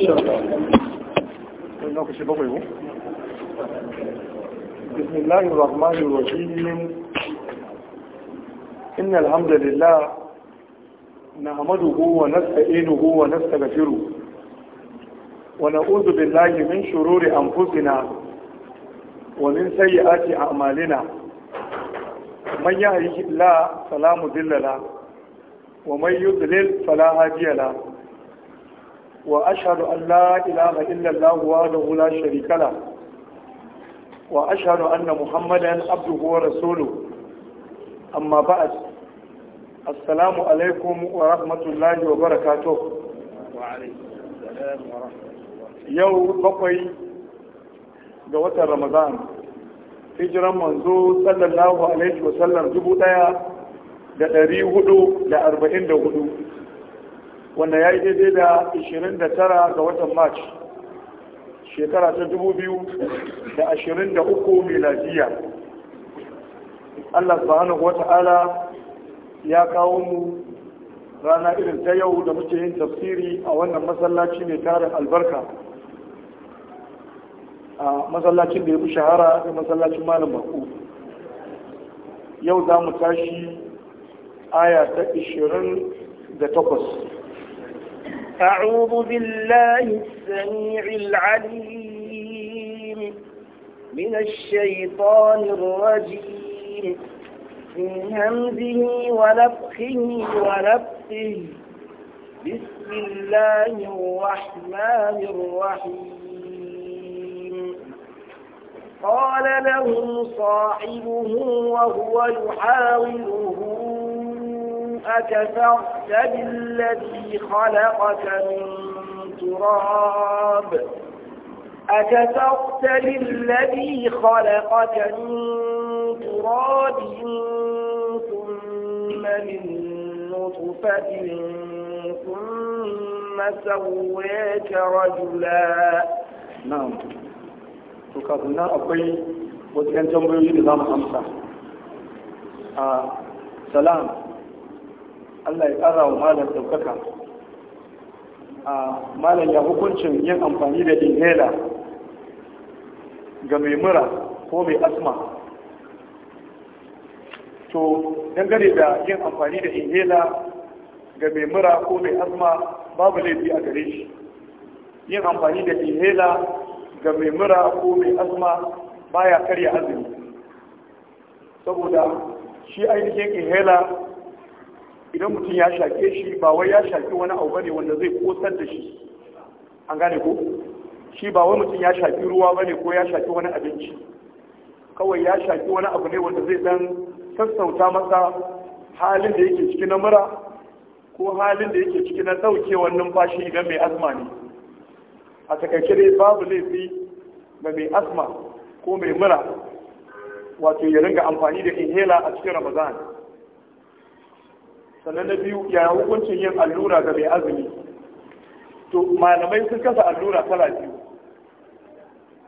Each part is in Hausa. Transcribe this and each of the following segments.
بسم الله الرحمن الرحيم إن الحمد لله نعمده ونستعينه ونستغفره ونعوذ بالله من شرور أنفسنا ومن سيئات أعمالنا من يهده الله فلا مضل له ومن يذلل فلا هادي له وأشهد أن لا إله إلا الله وحده لا شريك له وأشهد أن محمدا عبده ورسوله أما بعد السلام عليكم ورحمة الله وبركاته وعليكم السلام ورحمة الله يوم بقي جوة رمضان hijiran manzo sallallahu alaihi wasallam dubu daya da ɗari hudu da arba'in da hudu wanda ya yi daidai da 29 ga watan march shekara ta 2023 miladiya allah subhanahu wata'ala ya kawo mu rana irin ta yau da muke yin tafsiri a wannan masallaci mai tarin albarka a masallacin da ya fi shahara da masallacin malam baku yau za mu tashi aya ta 28 أعوذ بالله السميع العليم من الشيطان الرجيم من همزه ونفخه ونفخه بسم الله الرحمن الرحيم قال له صاحبه وهو يحاوره أكفرت بالذي خلقك من تراب أكفرت بالذي خلقك من تراب ثم من نطفة ثم سويك رجلا نعم tukafin nan akwai wasu 'yan خمسة آه. سلام Allah ya ƙara wa malam ɗaukaka a malam ya hukuncin yin amfani da inhaler ga mai mura ko mai asma to dangane da yin amfani da inhaler ga mai mura ko mai asma babu laifi a gare shi yin amfani da inhaler ga mai mura ko mai asma baya karya azumi saboda shi ainihin inhaler idan mutum ya shaƙe shi ba wai ya shaƙi wani abu bane wanda zai kosar da shi an gane ko shi ba wai mutum ya shaƙi ruwa bane ko ya shaƙi wani abinci kawai ya shaƙi wani abu ne wanda zai dan sassauta masa halin da yake ciki na mura ko halin da yake ciki na ɗaukewar numfashi idan mai asma ne a takaice dai babu laifi ga mai asma ko mai mura wato ya ringa amfani da inhaler a cikin ramadan sannan na biyu ya hukuncin yin allura ga mai azumi to malamai sun kasa allura kala biyu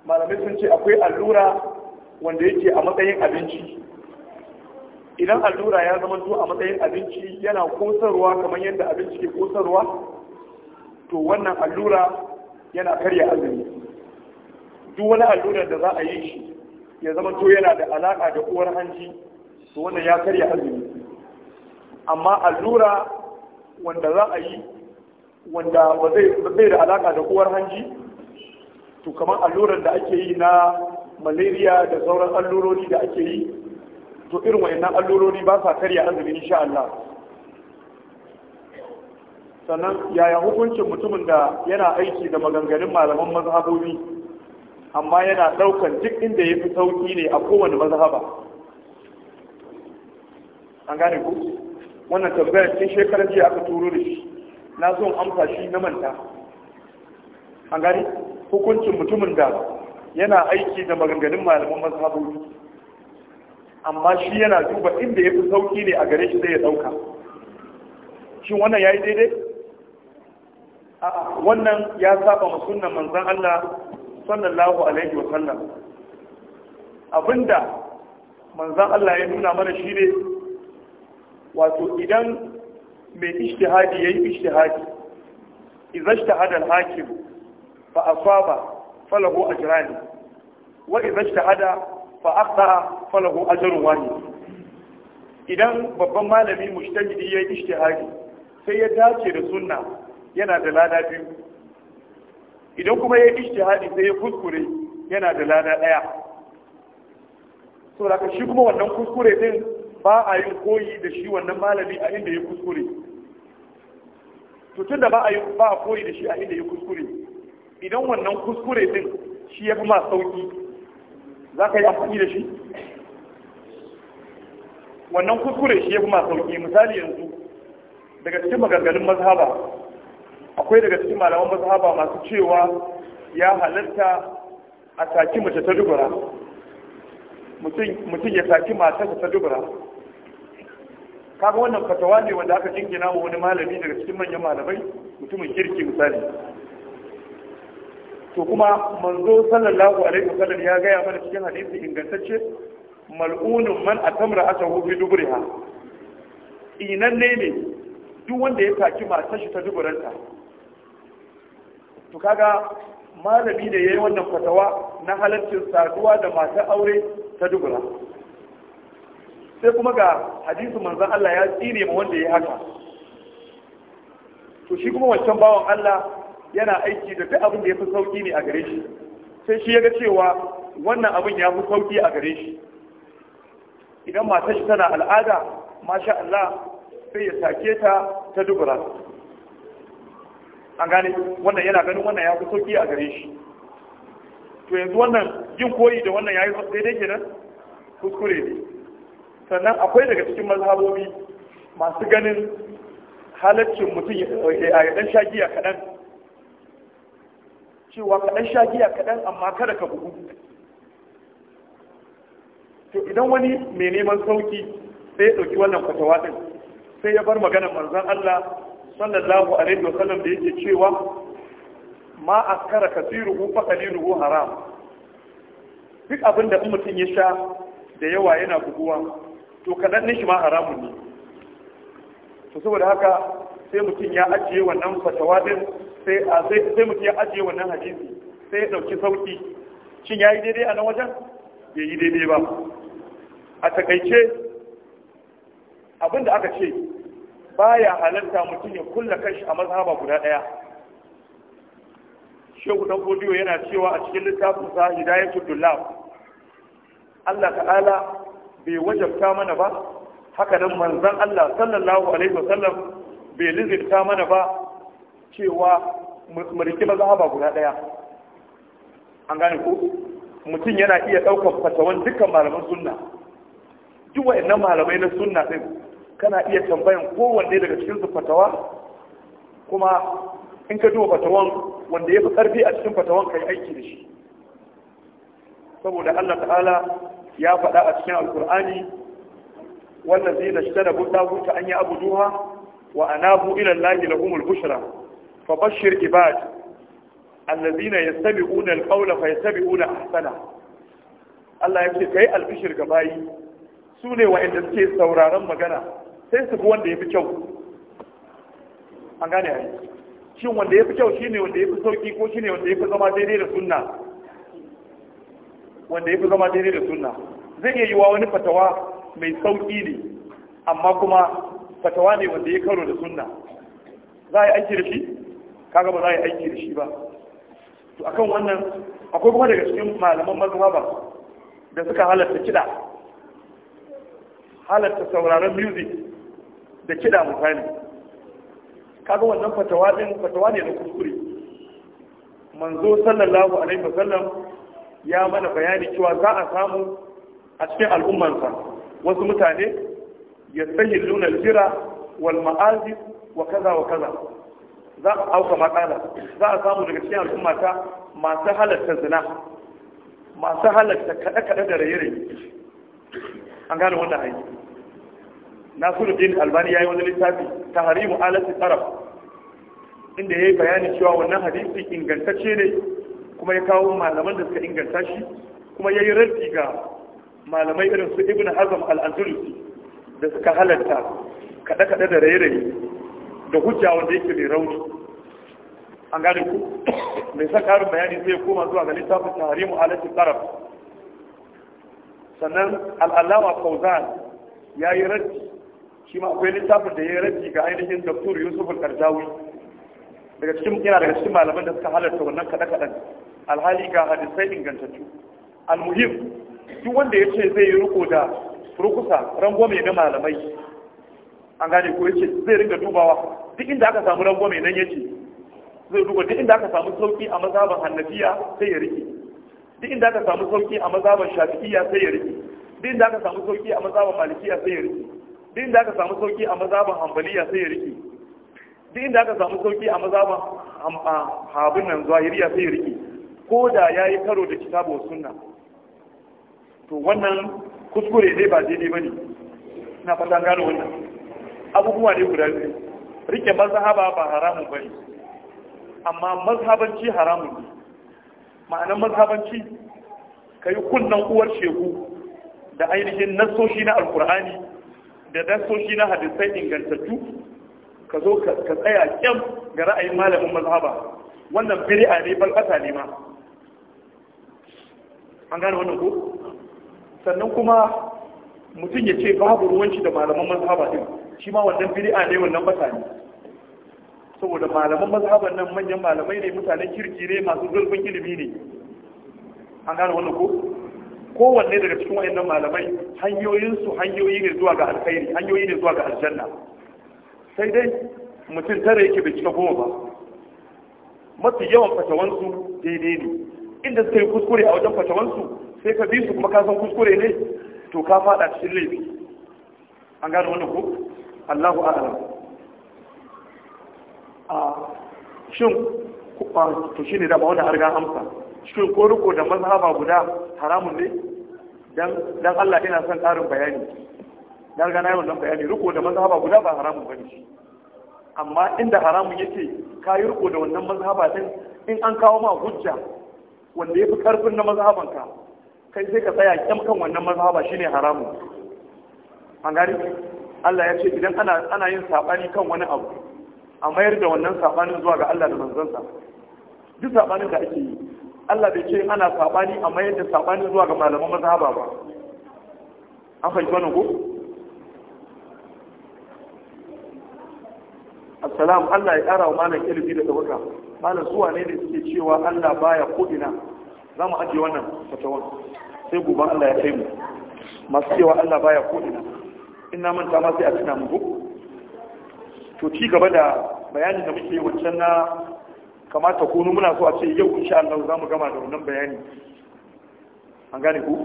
malamai sun ce akwai allura wanda yake a matsayin abinci idan allura ya zama zuwa a matsayin abinci yana kosarwa kamar yadda abinci ke kosarwa to wannan allura yana karya azumi duk wani allurar da za a yi shi ya zama to yana da alaka da uwar hanji to wannan ya karya azumi amma allura wanda za a yi wanda zai da alaka da uwar hanji to kamar allurar da ake yi na malaria da sauran allurori da ake yi to irin wayannan allurori ba sa karya azumin sha Allah sannan yaya hukuncin mutumin da yana aiki da maganganun malaman mazhabobi amma yana daukan duk inda ya fi sauki ne a kowane mazhaba an gane ku wannan tambayar cikin shekarar jiya aka turo da shi na zo amsa shi na manta an gani hukuncin mutumin da yana aiki da maganganun malaman mazhabobi amma shi yana duba inda ya fi sauki ne a gare shi zai ya ɗauka shin wannan ya yi daidai wannan ya saba ma sunan, 'Manzan Allah sallallahu alaihi wa abinda Manzan Allah ya nuna mana shi ne wato idan mai ishtihadi yayi ishtihadi idza ishtahada al-hakim fa asaba falahu ajran wa idza ishtahada fa akhta falahu ajrun wahid idan babban malami mujtahidi yayi ishtihadi sai ya dace da sunna yana da lada biyu idan kuma yayi ishtihadi sai ya kuskure yana da lada daya saboda shi kuma wannan kuskure din ba a yi koyi da shi wannan malami a inda ya kuskure tutun da ba a koyi da shi a inda ya kuskure idan wannan kuskure din shi ya fi ma sauki za ka yi amfani da shi wannan kuskure shi ya fi ma sauki misali yanzu daga cikin maganganun mazhaba akwai daga cikin malaman mazhaba masu cewa ya halatta a saki mace ta dubura mutum ya saki matarsa ta dubura kaga wannan fatawa ne wanda aka jingina wa wani malami daga cikin manyan malamai mutumin kirki misali to kuma manzo sallallahu alaihi wasallam ya gaya mana cikin hadisi ingantacce mal'unun man atamra atahu bi dubriha inan ne ne duk wanda ya taki matar shi ta duburanta to kaga malami da yayi wannan fatawa na halaccin saduwa da matar aure ta dubura sai kuma ga hadisu manzan Allah ya tsine ma wanda ya haka to shi kuma wancan bawan Allah yana aiki da duk abin da ya fi sauki ne a gare shi sai shi ya ga cewa wannan abin ya fi sauki a gare shi idan matar shi tana al'ada masha Allah sai ya sake ta ta dubura an gane wannan yana ganin wannan ya fi sauki a gare shi to yanzu wannan yin koyi da wannan ya yi daidai kenan kuskure ne sannan akwai daga cikin mazhabobi masu ganin halaccin mutum ya dan shagiya kaɗan cewa kaɗan shagiya kaɗan amma kada ka bugu to idan wani mai neman sauki sai ya ɗauki wannan fatawa ɗin sai ya bar magana manzon Allah sallallahu alaihi wasallam da yake cewa ma askara kasiruhu fa qaliluhu haram duk abinda mutum ya sha da yawa yana buguwa to kaɗan shi ma haramun ne to saboda haka sai mutum ya ajiye wannan fatawa din sai mutum ya ajiye wannan hadisi sai ya ɗauki sauƙi shin yayi yi daidai a nan wajen bai yi daidai ba a takaice abinda aka ce baya halarta mutum ya kulla kashi a mazhaba guda ɗaya shehu dan godiyo yana cewa a cikin littafin sa hidayatul dullah Allah ta'ala bai wajabta mana ba haka nan manzon Allah sallallahu alaihi wasallam bai lizinta mana ba cewa mu riki ba guda ɗaya. an gane ko mutum yana iya daukar fatawan dukkan malaman sunna duk wayannan malamai na sunna din kana iya tambayan kowanne daga cikin su fatawa kuma in ka duba fatawan wanda ya fi karfi a cikin fatawan kai aiki da shi saboda Allah ta'ala ya faɗa a cikin alkur'ani wannan zai na shi tana buɗa buɗa an yi abu duha wa anabu ilan lahi lahumul bushra fa bashir ibad allazina yastabi'una alqawla fa yastabi'una ahsana Allah yake kai albishir ga bayi su ne wa inda suke sauraron magana sai su bi wanda ya fi kyau an gane ai shin wanda ya fi kyau shine wanda ya fi sauƙi ko shine wanda ya fi zama daidai da sunna wanda ya fi zama daidai da suna. zai iya yiwa wani fatawa mai sauƙi ne amma kuma fatawa ne wanda ya karo da suna. za a yi aiki da shi kaga ba za a yi aiki da shi ba to akan wannan akwai kuma daga cikin malaman ba da suka halatta kiɗa halatta sauraron music da kiɗa misali kaga wannan fatawa din fatawa ne na kuskure manzo sallallahu alaihi wasallam ya mana bayani cewa za a samu a cikin al'ummansa wasu mutane ya tsayi luna jira wal ma'azi wa kaza wa kaza za a auka makala za a samu daga cikin al'ummata masu halatta zina masu halatta kaɗe-kaɗe da raye-raye an gane wannan hanyar nasiruddin albani ya yi wani littafi ta harimu alasin arab inda ya yi bayani cewa wannan hadisi ingantacce ne kuma ya kawo malaman da suka inganta shi kuma ya yi raddi ga malamai irin su ibn hazm al-andalusi da suka halatta kaɗe-kaɗe da raye da hujja wanda yake mai rauni an gane ku mai sa karin bayani zai koma zuwa ga littafin tahrimu alati taraf sannan al'allama fauzan ya yi raddi shi ma akwai littafin da ya yi raddi ga ainihin doktor yusuf al-karjawi daga cikin yana daga cikin malaman da suka halarta wannan kaɗe-kaɗen alhali ga hadisai ingantattu almuhim duk wanda ya ce zai yi riko da rukusa rangwame na malamai an gane ko ya ce zai ringa dubawa duk inda aka samu rangwame nan ya ce zai duba duk inda aka samu sauki a mazaban hannafiya sai ya rike duk inda aka samu sauki a mazaban shafi'iyya sai ya rike duk inda aka samu sauki a mazaban malikiya sai ya rike duk inda aka samu sauki a mazaban hanbaliya sai ya rike duk inda aka samu sauki a mazaban habin nan zahiriya sai ya rike ko da ya yi karo da kitabu suna. to wannan kuskure ne ba daidai ba ne na fata gano wannan abubuwa ne guda biyu rike mazhaba ba haramun ba ne amma mazhabanci haramun ne ma'anar mazhabanci ka yi kunnan uwar shehu da ainihin nasoshi na alkur'ani da nassoshi na hadisai ingantattu ka zo ka tsaya kyan ga ra'ayin malamin mazhaba wannan biri'a ne balbata ne ma an gane wannan ko sannan kuma mutum ya ce babu ruwanci da malaman mazhaba din shi ma wannan bid'a ne wannan bata ne saboda malaman mazhaban nan manyan malamai ne mutanen kirki ne masu zurfin ilimi ne an gane wannan ko kowanne daga cikin wayannan malamai hanyoyinsu hanyoyi ne zuwa ga alkhairi hanyoyi ne zuwa ga aljanna sai dai mutum tare yake bai cika goma ba mafi yawan fatawansu daidai ne inda suka yi kuskure a wajen fatawansu sai ka bi su kuma ka kuskure ne to ka fada cikin laifi an gano wannan ko Allahu a'lam a shin to shine da ba wanda har ga amsa shin ko riko da mazhaba guda haramun ne dan dan Allah ina son karin bayani dan ga nayi wannan bayani riko da mazhaba guda ba haramun bane shi amma inda haramun yake ka yi riko da wannan mazhaba din in an kawo ma hujja wanda ya fi karfin na mazhabanka kai sai ka tsaya kyam kan wannan mazhaba shine haramun an gani Allah ya ce idan ana ana yin sabani kan wani abu a mayar da wannan sabanin zuwa ga Allah da manzansa duk sabanin da ake yi Allah bai ce ana sabani a mayar da sabanin zuwa ga malaman mazhaba ba an fahimci wannan ko assalamu Allah ya kara wa malam ilimi da tabbata malam zuwa ne da suke cewa Allah baya ko'ina za mu ajiye wannan fatawan sai gobe Allah ya kai mu masu cewa Allah baya ko'ina ina manta ma sai a tuna mu to ci gaba da bayanin da muke wancan na kamata kunu muna so a ce yau insha Allah za mu gama da wannan bayani an gane ku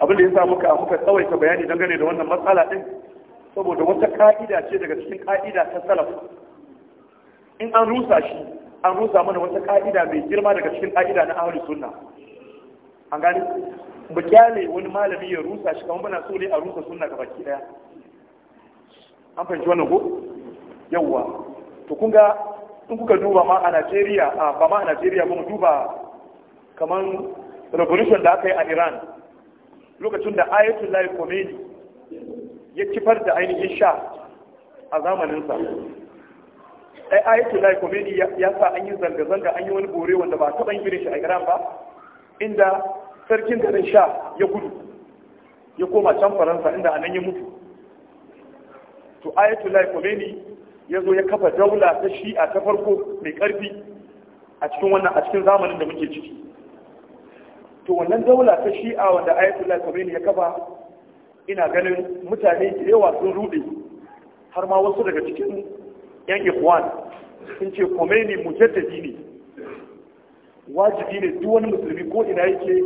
abin da yasa muka muka tsawaita bayani dangane da wannan matsala din saboda wata ka'ida ce daga cikin ka'ida ta salaf in an rusa shi an rusa mana wata ka'ida mai girma daga cikin ka'ida na ahlus sunna an gani mu kyale wani malami ya rusa shi kamar muna so ne a rusa sunna ga baki daya an fahimci wannan ko yawwa to kun ga in kuka duba ma a Najeriya a ba ma a Najeriya ba mu duba kamar revolution da aka yi a Iran lokacin da Ayatollah Khomeini ya kifar da ainihin sha a zamaninsa ai ayatullahi komedi ya sa an yi zanga-zanga an yi wani bore wanda ba taɓa yin irin shi a iran ba inda sarkin garin sha ya gudu ya koma can faransa inda anan ya mutu to ayatullahi komedi ya zo ya kafa daula ta a ta farko mai ƙarfi a cikin wannan a cikin zamanin da muke ciki to wannan daula ta a wanda ayatullahi komedi ya kafa ina ganin mutane da yawa sun rude har ma wasu daga cikin yan ikwan sun ce komeni mujaddadi ne wajibi ne duk wani musulmi ko ina yake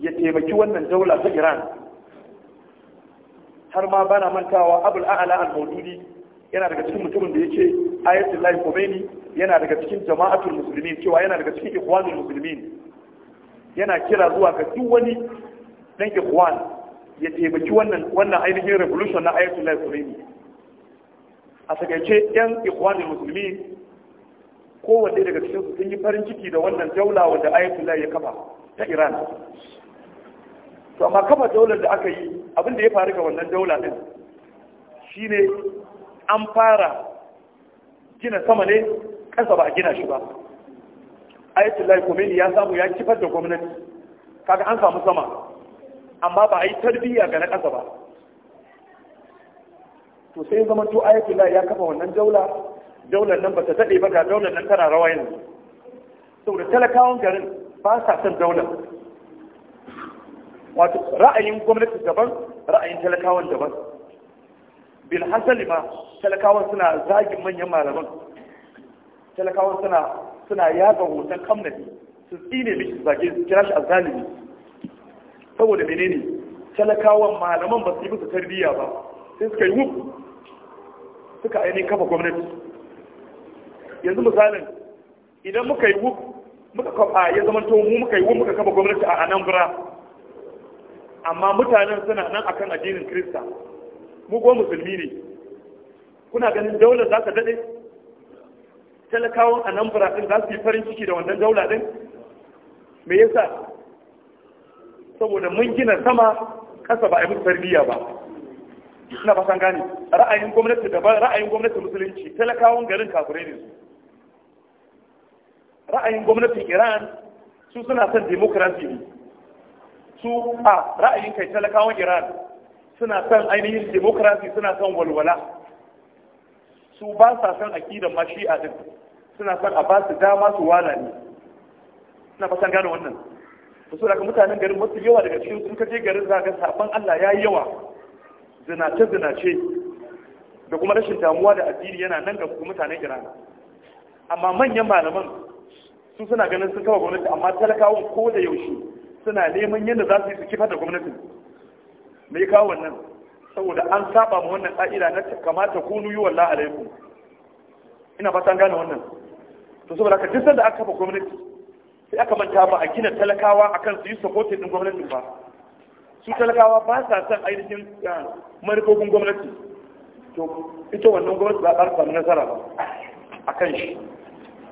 ya taimaki wannan daula ta iran har ma bana mantawa abul a'ala al-maududi yana daga cikin mutumin da yake ayatul lahi khomeini yana daga cikin jama'atul muslimin cewa yana daga cikin ikhwanul muslimin yana kira zuwa ga duk wani dan ikhwan ya taimaki wannan wannan ainihin revolution na ayatul lahi khomeini a takaice yan ikwani musulmi kowanne daga cikin su sun yi farin ciki da wannan jaula wanda ayatollah ya kafa ta iran to amma kafa daular da aka yi abin da ya faru ga wannan daula din shine an fara gina sama ne kasa ba a gina shi ba ayatollah khomeini ya samu ya kifar da gwamnati kaga an samu sama amma ba a yi tarbiyya ga na kasa ba to sai zama to la ya kafa wannan daula daular nan bata dade ba ga daular nan tana rawa yanzu saboda talakawan garin ba sa son daular wato ra'ayin gwamnati daban ra'ayin talakawan daban bil hasali ma talakawan suna zagin manyan malaman talakawan suna suna yaga hoton kamnati su tsine su zage su kira shi azzalimi saboda menene talakawan malaman ba su yi musu tarbiyya ba sai suka yi wuf suka ainihin kafa gwamnati yanzu misalin idan muka yi wu muka kafa ya zama to mu muka yi wu muka kafa gwamnati a anambra amma mutanen suna nan akan addinin krista mu musulmi ne kuna ganin daula za ta daɗe talakawan anambra din za su yi farin ciki da wannan daula ɗin me yasa saboda mun gina sama ƙasa ba a yi musu tarbiyya ba Suna ba san gane ra'ayin gwamnati daban ra'ayin gwamnati musulunci talakawan garin kafirai ne su ra'ayin gwamnatin iran su suna son demokrasi ne su a ra'ayin kai talakawan iran suna son ainihin demokrasi suna son walwala su ba sa son akidan a din suna son a ba su dama su wala ne Suna fatan gane wannan su da mutanen garin masu yawa daga cikin sun kaje garin za ga sabon Allah yi yawa zinace-zinace da kuma rashin damuwa da addini yana nan ga mutanen iran amma manyan malaman su suna ganin sun kawo gwamnati amma talakawan ko da yaushe suna neman yadda za su yi su kifar da gwamnatin mai kawo wannan saboda an saba ma wannan ƙa'ida na kamata kunu yi wallah alaikum ina fata an gane wannan to saboda ka duk sanda aka kafa gwamnati sai aka manta ba a gina talakawa akan su yi supporting din gwamnatin ba su talakawa ba sa son ainihin manufofin gwamnati to ita wannan gwamnati ba a nasara ba a kan shi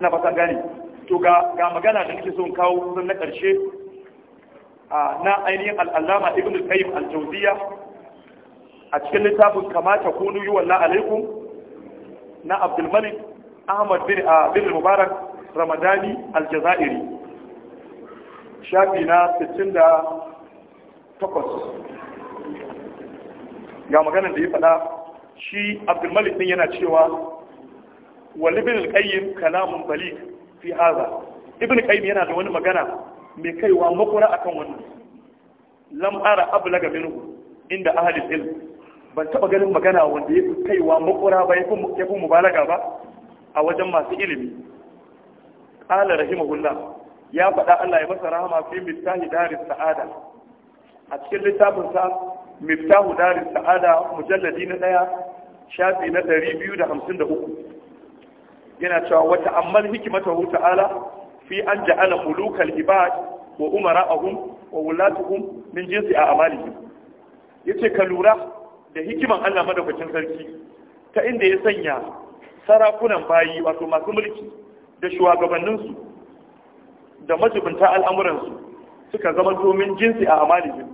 na fasa gane to ga magana da nake son kawo kusan na ƙarshe na ainihin al'allama ibn al-qayyim al-jawziya a cikin littafin kamata ko yi wallah alaikum na abdulmalik ahmad bin bin mubarak ramadani al-jazairi shafi na takwas ga maganar da ya faɗa shi abdulmalik ɗin yana cewa wal ibn al-qayyim kalamun bali fi haza. ibn qayyim yana da wani magana mai kaiwa makura akan wannan lam ara ablaga minu inda ahli ilm ban taba ganin magana wanda ya fi kaiwa makura ba ya fi mubalaga ba a wajen masu ilimi qala rahimahullah ya faɗa Allah ya masa rahama fi mistahi daris sa'ada a cikin littafinsa miftahu darin sa'ada mujalladi na ɗaya shafi na 253 yana cewa wata ammal hikimata ta'ala fi an ja'ala mulukal ibad wa ahum wa wulatuhum min jinsi a amalihim yace ka lura da hikiman Allah madaukakin sarki ta inda ya sanya sarakunan bayi wato masu mulki da shugabanninsu da majibinta al'amuransu suka zama domin jinsi a amalihim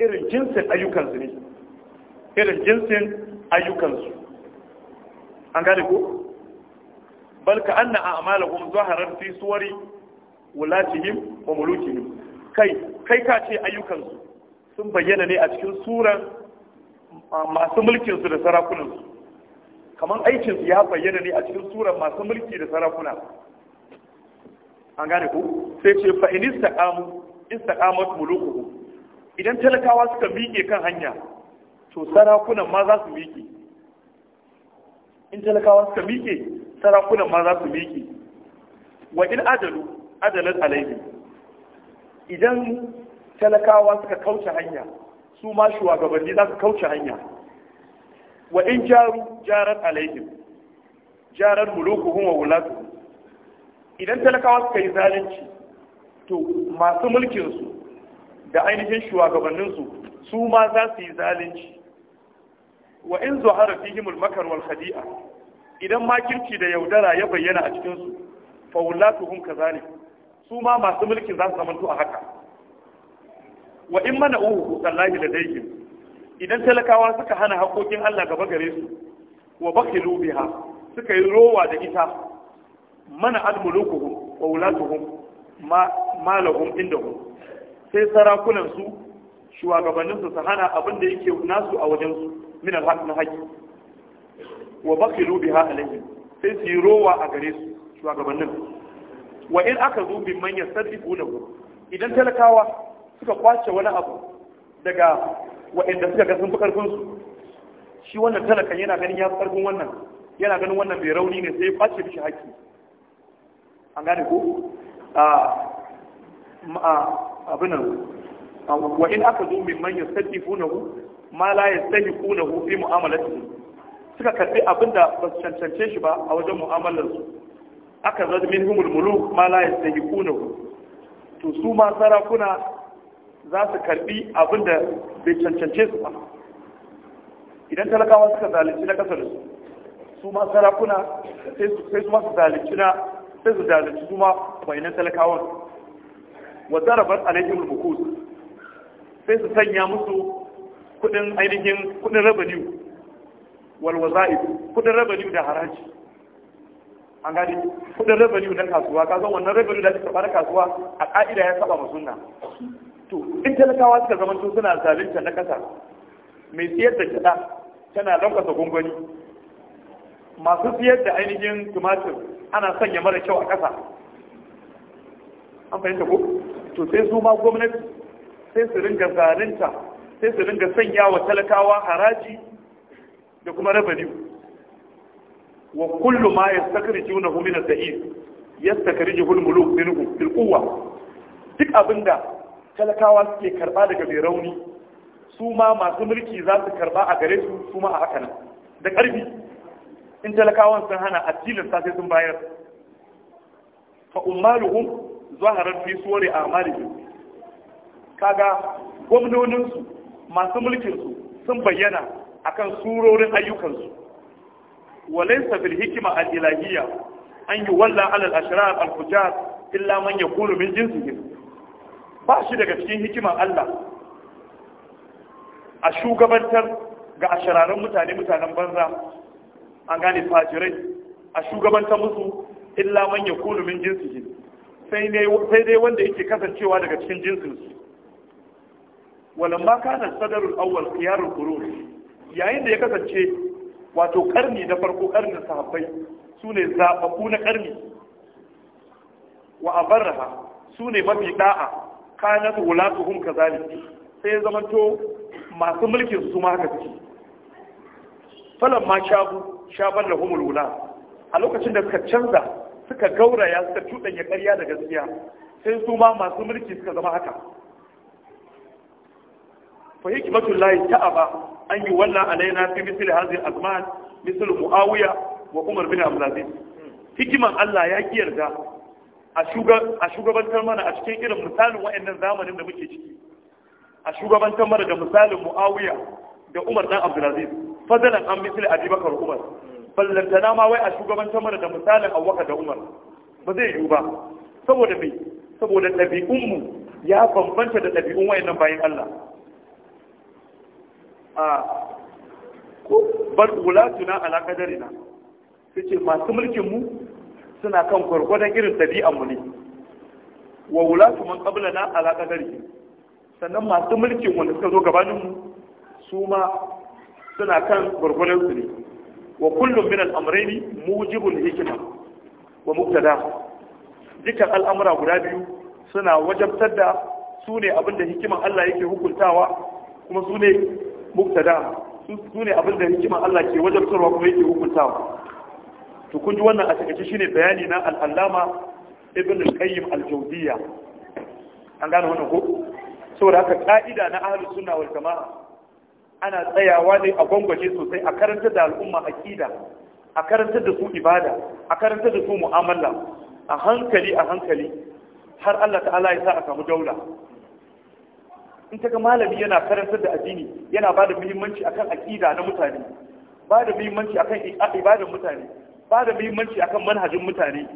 irin jinsin ayyukansu ne irin jinsin ayyukansu an gane ko bal ka anna a'malahum zaharat fi suwari wulatihim wa mulukihim kai kai ka ce ayyukansu sun bayyana ne a cikin suran masu mulkin su da sarakunan su kamar aikin su ya bayyana ne a cikin suran masu mulki da sarakuna an gane ko sai ce fa'inista amu istaqamat mulukuhu idan talakawa suka miƙe kan hanya to sarakunan ma za su miƙe in talakawa suka miƙe sarakunan ma za su miƙe wa in adalu adalat alaihi idan talakawa suka kauce hanya su ma shugabanni za su kauce hanya wa in jaru jarar alaihim jarar mulukuhum wa wulatu idan talakawa suka yi zalunci to masu mulkinsu da ainihin shugabanninsu su ma za su yi zalunci wa in zuhara fihim al wal khadi'a idan kirki da yaudara ya bayyana a cikin su fa wallatuhum kazalik su ma masu mulkin za su zamanto a haka wa in mana uhu sallahi dai idan talakawa suka hana haƙoƙin Allah gaba gare su wa bakilu biha suka yi rowa da ita mana al-mulukuhum wa wulatuhum inda indahum sai sarakunan su shugabannin su hana abin da yake nasu a wajen su min alhaq na haƙi wa rubi biha alayhi sai su yi rowa a gare su shugabannin wa in aka zo bin manyan sarfiku da idan talakawa suka kwace wani abu daga wa'inda suka ga sun fi karfin su shi wannan talakan yana ganin ya fi karfin wannan yana ganin wannan bai rauni ne sai ya kwace mishi haƙƙi an gane ko abinan wa in aka zo min man yastadifunahu ma la yastahiqunahu fi mu'amalatihi suka karbi da ba su cancance shi ba a wajen mu'amalar su aka zo min humul muluk ma la yastahiqunahu to su ma sarakuna za su karbi da bai cancance su ba idan talakawa suka zalunci na kasar su su ma sarakuna sai su ma su zalunci na sai su dalilci su ma wayannan talakawan wa zarabat alaihim bukus sai su sanya musu kudin ainihin kudin rabani wal waza'ib kudin rabani da haraji an gani kudin rabani na kasuwa ka san wannan rabani da ake fara kasuwa a ka'ida ya saba musunna to in talakawa suka zama suna zalunta na kasa mai siyar da kada tana ɗaukasa gungwani masu siyar da ainihin tumatir ana sanya mara kyau a ƙasa an fahimta ko to sai su ma gwamnati sai su ringa zalunta sai su ringa sanya wa talakawa haraji da kuma rabani wa kullu ma ya yastakhrijunahu min as-sa'id yastakhrijuhu al-muluk minhum bil quwwa duk abinda talakawa suke karba daga mai rauni su ma masu mulki za su karba a gare su su ma a haka nan da ƙarfi in talakawan sun hana a tilasta sai sun bayar fa ummaluhum zaharar fi suwari amalihim kaga gwamnoninsu masu mulkinsu sun bayyana akan surorin ayyukansu walaysa bil hikma al ilahiyya an walla ala al ashrar al illa man yakunu min jinsihim ba shi daga cikin hikiman Allah a shugabantar ga ashirarin mutane mutanen banza an gane fajirai a ta musu illa man ya kulu min jinsihi sai dai wanda yake kasancewa daga cikin jinsinsu walamma kana sadarul awwal khiyarul qurun yayin da ya kasance wato karni na farko karnin sahabbai sune zababbu na karni wa abarraha sune mafi da'a kana wulatuhum kazalik sai zamanto masu mulkin su ma haka suke falamma shabu shabar da humulula a lokacin da suka canza suka gauraya suka cuɗanya ƙarya da gaskiya sai su ma masu mulki suka zama haka fa hikmatul layi ta'aba an yi wannan alaina fi misl hadhihi azman misl muawiya wa umar bin abdulaziz hikiman Allah ya ki yarda a shugabantar mana a cikin irin misalin wa'annan zamanin da muke ciki a shugabantar mana da misalin muawiya da umar dan abdulaziz fadalan an misali abi bakar umar ballantana ma wai a shugabantar mana da misalin abubakar da umar ba zai yiwu ba saboda mai saboda ɗabi'unmu ya bambanta da ɗabi'un wayannan bayan allah a ko bar suna ala na su ce masu mulkinmu suna kan gwargwadon irin ɗabi'anmu ne wa wula su man qablana ala qadari sannan masu mulkin da suka zo gabaninmu su ma suna kan gwargwadon su ne wa kullum min al'amraini mujibul hikima wa muktada dukkan al'amura guda biyu suna wajabtar da su ne abinda hikiman Allah yake hukuntawa kuma su ne muktada su ne abinda hikiman Allah ke wajabtarwa kuma yake hukuntawa to kun ji wannan a takaice shine bayani na al'allama ibn al-qayyim al-jawziyya an gane wannan ko saboda haka ka'ida na ahlus sunna wal jama'a ana tsayawa ne a gwangwaje sosai a karanta da al'umma akida a karanta da su ibada a karanta da su mu'amala a hankali a hankali har Allah ta'ala ya sa a samu daula in ta ga malami yana karantar da addini yana ba da muhimmanci akan akida na mutane ba da muhimmanci akan ibadan mutane ba da muhimmanci akan manhajin mutane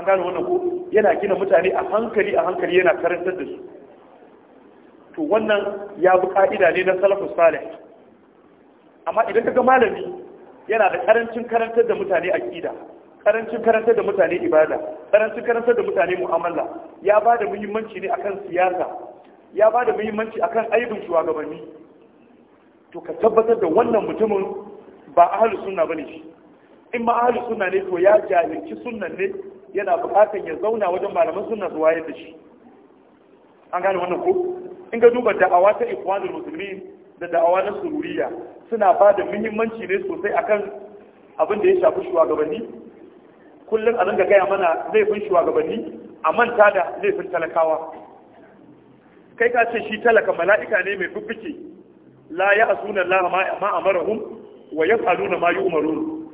an gano wannan ko yana gina mutane a hankali a hankali yana karantar da su to wannan ya bi ka'ida ne na salafus salih amma idan ga malami yana da karancin karantar da mutane aqida karancin karantar da mutane ibada karancin karantar da mutane mu'amala ya ba da muhimmanci ne akan siyasa ya ba da muhimmanci akan aibin shugabanni to ka tabbatar da wannan mutumin ba ahlus sunna bane shi in ma ahlus sunna ne to ya jahilci sunnan ne yana bukatar ya zauna wajen malaman sunna su wayar da shi an gane wannan ko in ga duba da'awa ta ikwanul musulmi da da'awa na sururiya suna ba da muhimmanci ne sosai akan abin da ya shafi shugabanni kullum a ringa gaya mana laifin shugabanni a manta da laifin talakawa kai ka ce shi talaka mala'ika ne mai bubbuke la ya asuna Allah ma amarahum wa yaf'aluna ma yu'marun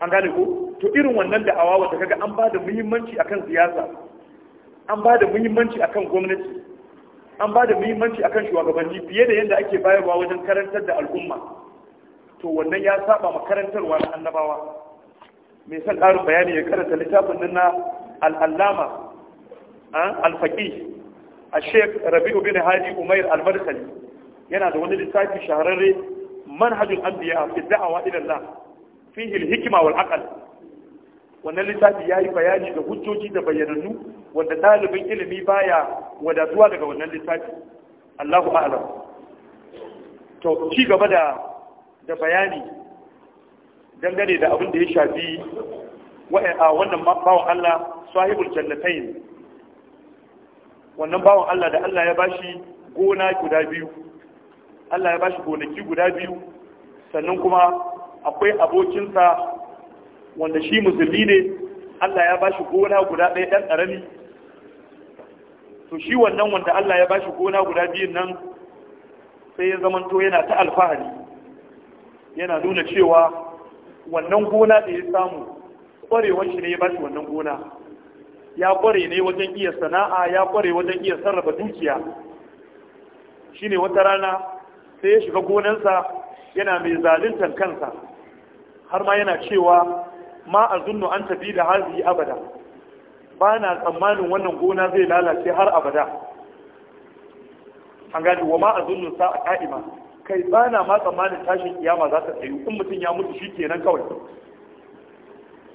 an gane ko to irin wannan da'awa wanda kaga an ba da muhimmanci akan siyasa an ba da muhimmanci akan gwamnati an ba da muhimmanci akan shugabanni fiye da yadda ake bayarwa wajen karantar da al'umma to wannan ya saba ma karantarwa na annabawa mai son ƙarin bayani ya karanta littafin nan na al'allama alfaƙi a sheik rabi'u bin hadi umair almarsali yana da wani littafi shahararre manhajul anbiya fi da'awa ila Allah fihi al wal aql wannan littafi ya yi bayani da hujjoji da bayyanannu wanda ɗalibin ilimi baya wadatuwa daga wannan littafi Allahu a'lam to ci gaba da da bayani dangane da abin da ya shafi wannan bawan Allah sahibul jannatain wannan bawan Allah da Allah ya bashi gona guda biyu Allah ya bashi gonaki guda biyu sannan kuma akwai abokinsa wanda shi musulmi ne Allah ya bashi gona guda ɗaya ɗan ƙarami to shi wannan wanda Allah ya bashi gona guda biyun nan sai ya zamanto yana ta alfahari yana nuna cewa wannan gona da ya samu ƙwarewar shi ne ya bashi wannan gona ya ƙware ne wajen iya sana'a ya ƙware wajen iya sarrafa dukiya shi ne wata rana sai ya shiga gonansa yana mai zaluntar kansa har ma yana cewa ma a zunnu an tafi da hazi abada ba na tsammanin wannan gona zai lalace har abada an gani wa ma a zunnu sa a ka'ima kai ba na ma tsammanin tashin kiyama za ta tsayu in mutum ya mutu shi kenan kawai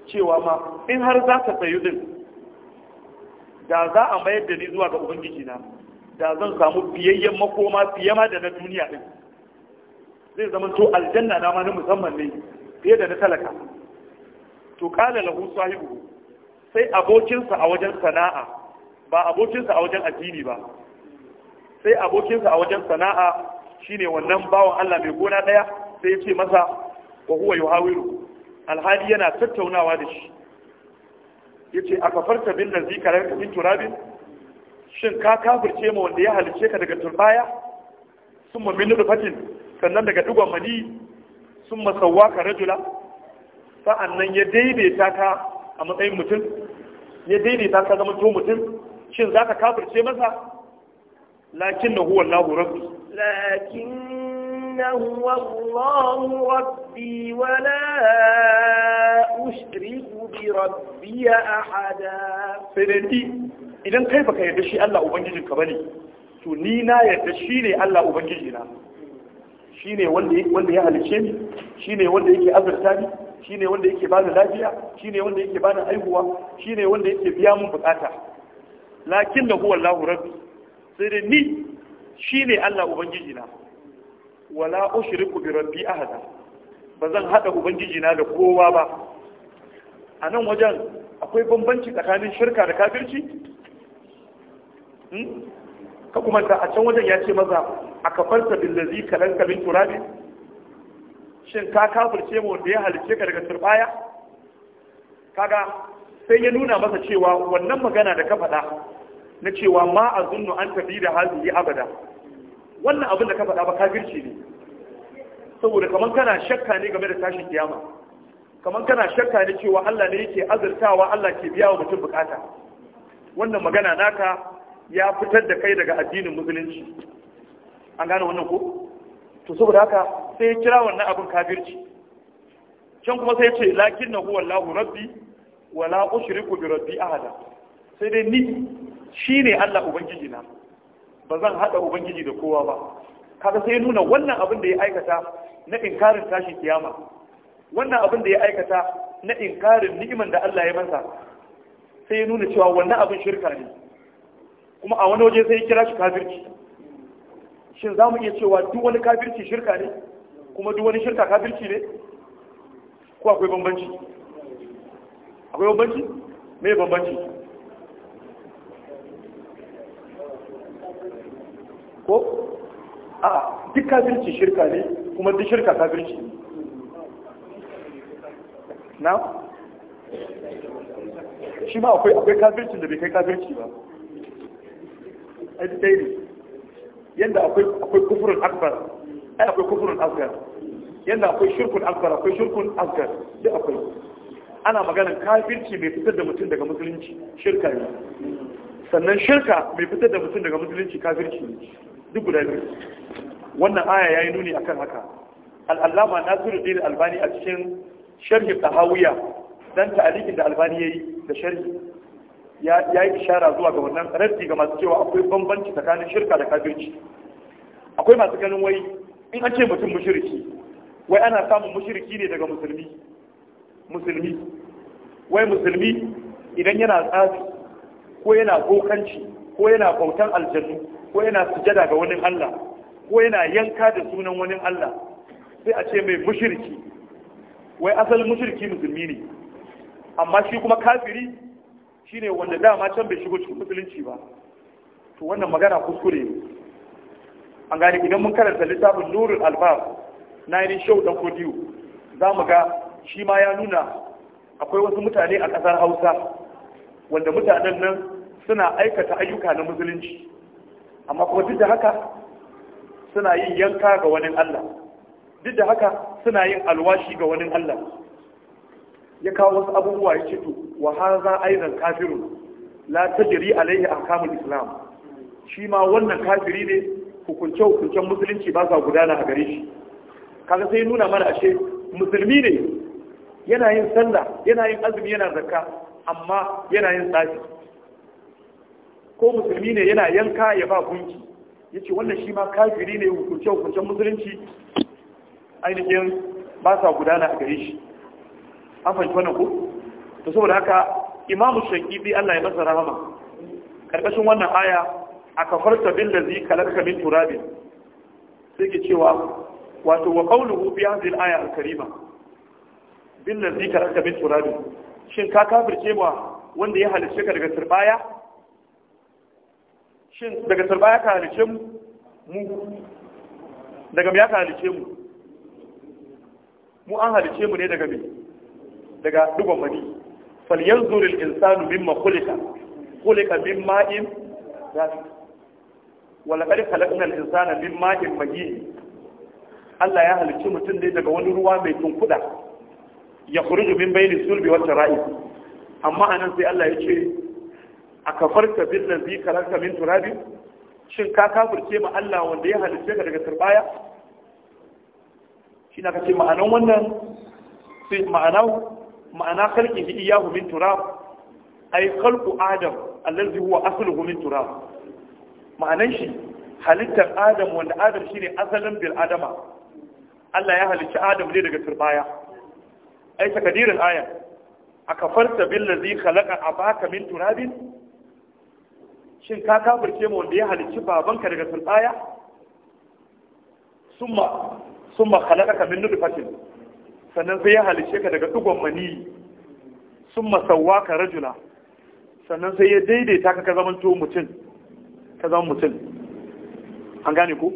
cewa ma in har za ta tsayu din da za a mayar da ni zuwa ga ubangiji na da zan samu fiyayyen makoma fiye ma da na duniya din zai zama to aljanna na ma na musamman ne fiye da na talaka to kala lahu sahibu sai abokinsa a wajen sana'a ba abokinsa a wajen addini ba sai abokinsa a wajen sana'a shine wannan bawan Allah mai gona daya sai ya ce masa wa huwa yuhawiru alhali yana tattaunawa da shi yace akafarta bin ladzi karaka min turabin shin ka kafirce mu wanda ya halice ka daga turbaya summa min nutfatin sannan daga dugon mani summa sawwaka rajula sa'annan ya daidaita ka a matsayin mutum ya daidaita ka zama to mutum shin za ka kafirce masa lakin na huwa Allahu rabbi lakin na huwa Allahu rabbi wa la ushriku bi rabbi ahada sai idan kai baka yarda shi Allah Ubangijin ubangijinka bane to ni na yarda shi ne Allah ubangijina shi ne wanda ya halice ni shi ne wanda yake azurta ni shine wanda yake bani lafiya shine wanda yake bani haihuwa shine wanda yake biya mun bukata lakin da huwa Allahu rabbi sai dai ni shine Allah ubangiji na wala ushriku bi rabbi ahada ba hada ubangiji na da kowa ba a nan wajen akwai bambanci tsakanin shirka da kafirci hmm? ka kuma ta a can wajen ya ce maza a kafarta billazi kalanka min turabin shin ka kafirce mu da ya halice ka daga turbaya kaga sai ya nuna masa cewa wannan magana da ka faɗa na cewa ma a zunnu an tafi da hazihi abada wannan abin da ka faɗa ba kafirci ne saboda kamar kana shakka ne game da tashin kiyama kamar kana shakka ne cewa Allah ne yake azurtawa Allah ke biya wa mutum bukata wannan magana naka ya fitar da kai daga addinin musulunci an gane wannan ko to saboda haka sai ya kira wannan abin kafirci can kuma sai ya ce lakin na huwa Allahu rabbi wa la ushriku bi rabbi ahada sai dai ni shine Allah ubangiji na ba zan hada ubangiji da kowa ba kaga sai ya nuna wannan abin da ya aikata na inkarin tashi kiyama wannan abin da ya aikata na inkarin ni'iman da Allah ya masa sai ya nuna cewa wannan abin shirka ne kuma a wani waje sai ya kira shi kafirci shin za mu iya cewa duk wani kafirci shirka ne kuma duk wani shirka kafirci ne ko akwai bambanci akwai bambanci me bambanci ko a duk kafirci shirka ne kuma duk shirka kafirci na shi ma akwai kafircin da bai kai kafirci ba a ɗaya ne yadda akwai kufurin kufrun akbar ai akwai kufurin asghar yadda akwai shirkun akbar akwai shirkun asghar duk akwai ana maganar kafirci mai fitar da mutum daga musulunci shirka ne sannan shirka mai fitar da mutum daga musulunci kafirci ne duk guda biyu wannan aya ya yi nuni a kan haka al-allama nasiruddin albani a cikin sharhi tahawiya dan ta'alikin da albani ya yi da sharhi ya yi ishara zuwa ga wannan raddi ga masu cewa akwai bambanci tsakanin shirka da kafirci akwai masu ganin wai in an ce mutum mushirki wai ana samun mushirki ne daga musulmi musulmi wai musulmi idan yana tsafi ko yana bokanci ko yana bautan aljannu ko yana sujada ga wani Allah ko yana yanka da sunan wani Allah sai a ce mai mushirki wai asalin mushirki musulmi ne amma shi kuma kafiri shine wanda dama can bai shigo cikin musulunci ba to wannan magana kuskure ne an gane idan mun karanta littafin nurul albab na yin show dan kodiyo za mu ga shi ma ya nuna akwai wasu mutane a ƙasar hausa wanda mutanen nan suna aikata ayyuka na musulunci amma kuma duk da haka suna yin yanka ga wani allah duk da haka suna yin alwashi ga wani allah ya kawo wasu abubuwa ya ce to wa haza aidan kafirun la tajri alaihi ahkamul islam shi ma wannan kafiri ne hukunce hukuncen musulunci ba sa gudana a gare shi kaga sai nuna mana ashe musulmi ne yana yin sallah yana yin azumi yana zakka amma yana yin tsafi ko musulmi ne yana yanka ya ba gunki yace wannan shi ma kafiri ne hukunce hukuncen musulunci ainihin ba sa gudana a gare shi an fahimci ku to saboda haka imamu bi Allah ya masa rahama karkashin wannan aya a kafarta bin da zai kalarka min turabi sai ke cewa wato wa qawluhu fi hadhihi al-aya al-karima bin da zai kalarka min turabi shin ka kafirce ma wanda ya halice ka daga turbaya shin daga turbaya ka halicce mu daga me ya ka halice mu mu an halicce mu ne daga me daga dugon mani falyanzur al-insanu mimma khuliqa khuliqa min ma'in dafiq wa laqad khalaqna al-insana min ma'in mahin Allah ya halicci mutum ne daga wani ruwa mai tunkuda ya khuruju min bayni sulbi wa tara'i amma anan sai Allah ya ce a kafarka bil ladhi khalaqaka min turabi shin ka kafirce ma Allah wanda ya halicce ka daga turbaya shi na kace ma'anan wannan sai ma'anau ma'ana khalqihi iyyahu min turab ay khalqu adam allazi huwa asluhu min turab ma'anan shi halittar adam wanda adam shine asalin bil adama Allah ya halicci adam ne daga turbaya ai takadirin aya aka akafarta bil ladzi khalaqa abaka min turabin shin ka kafirce mu wanda ya halicci babanka daga turbaya summa summa khalaqaka min nutfatin sannan sai ya halice ka daga dugon maniyi sun masauwa ka rajula sannan sai ya daidaita ka ka mutum ka zama mutum an gane ku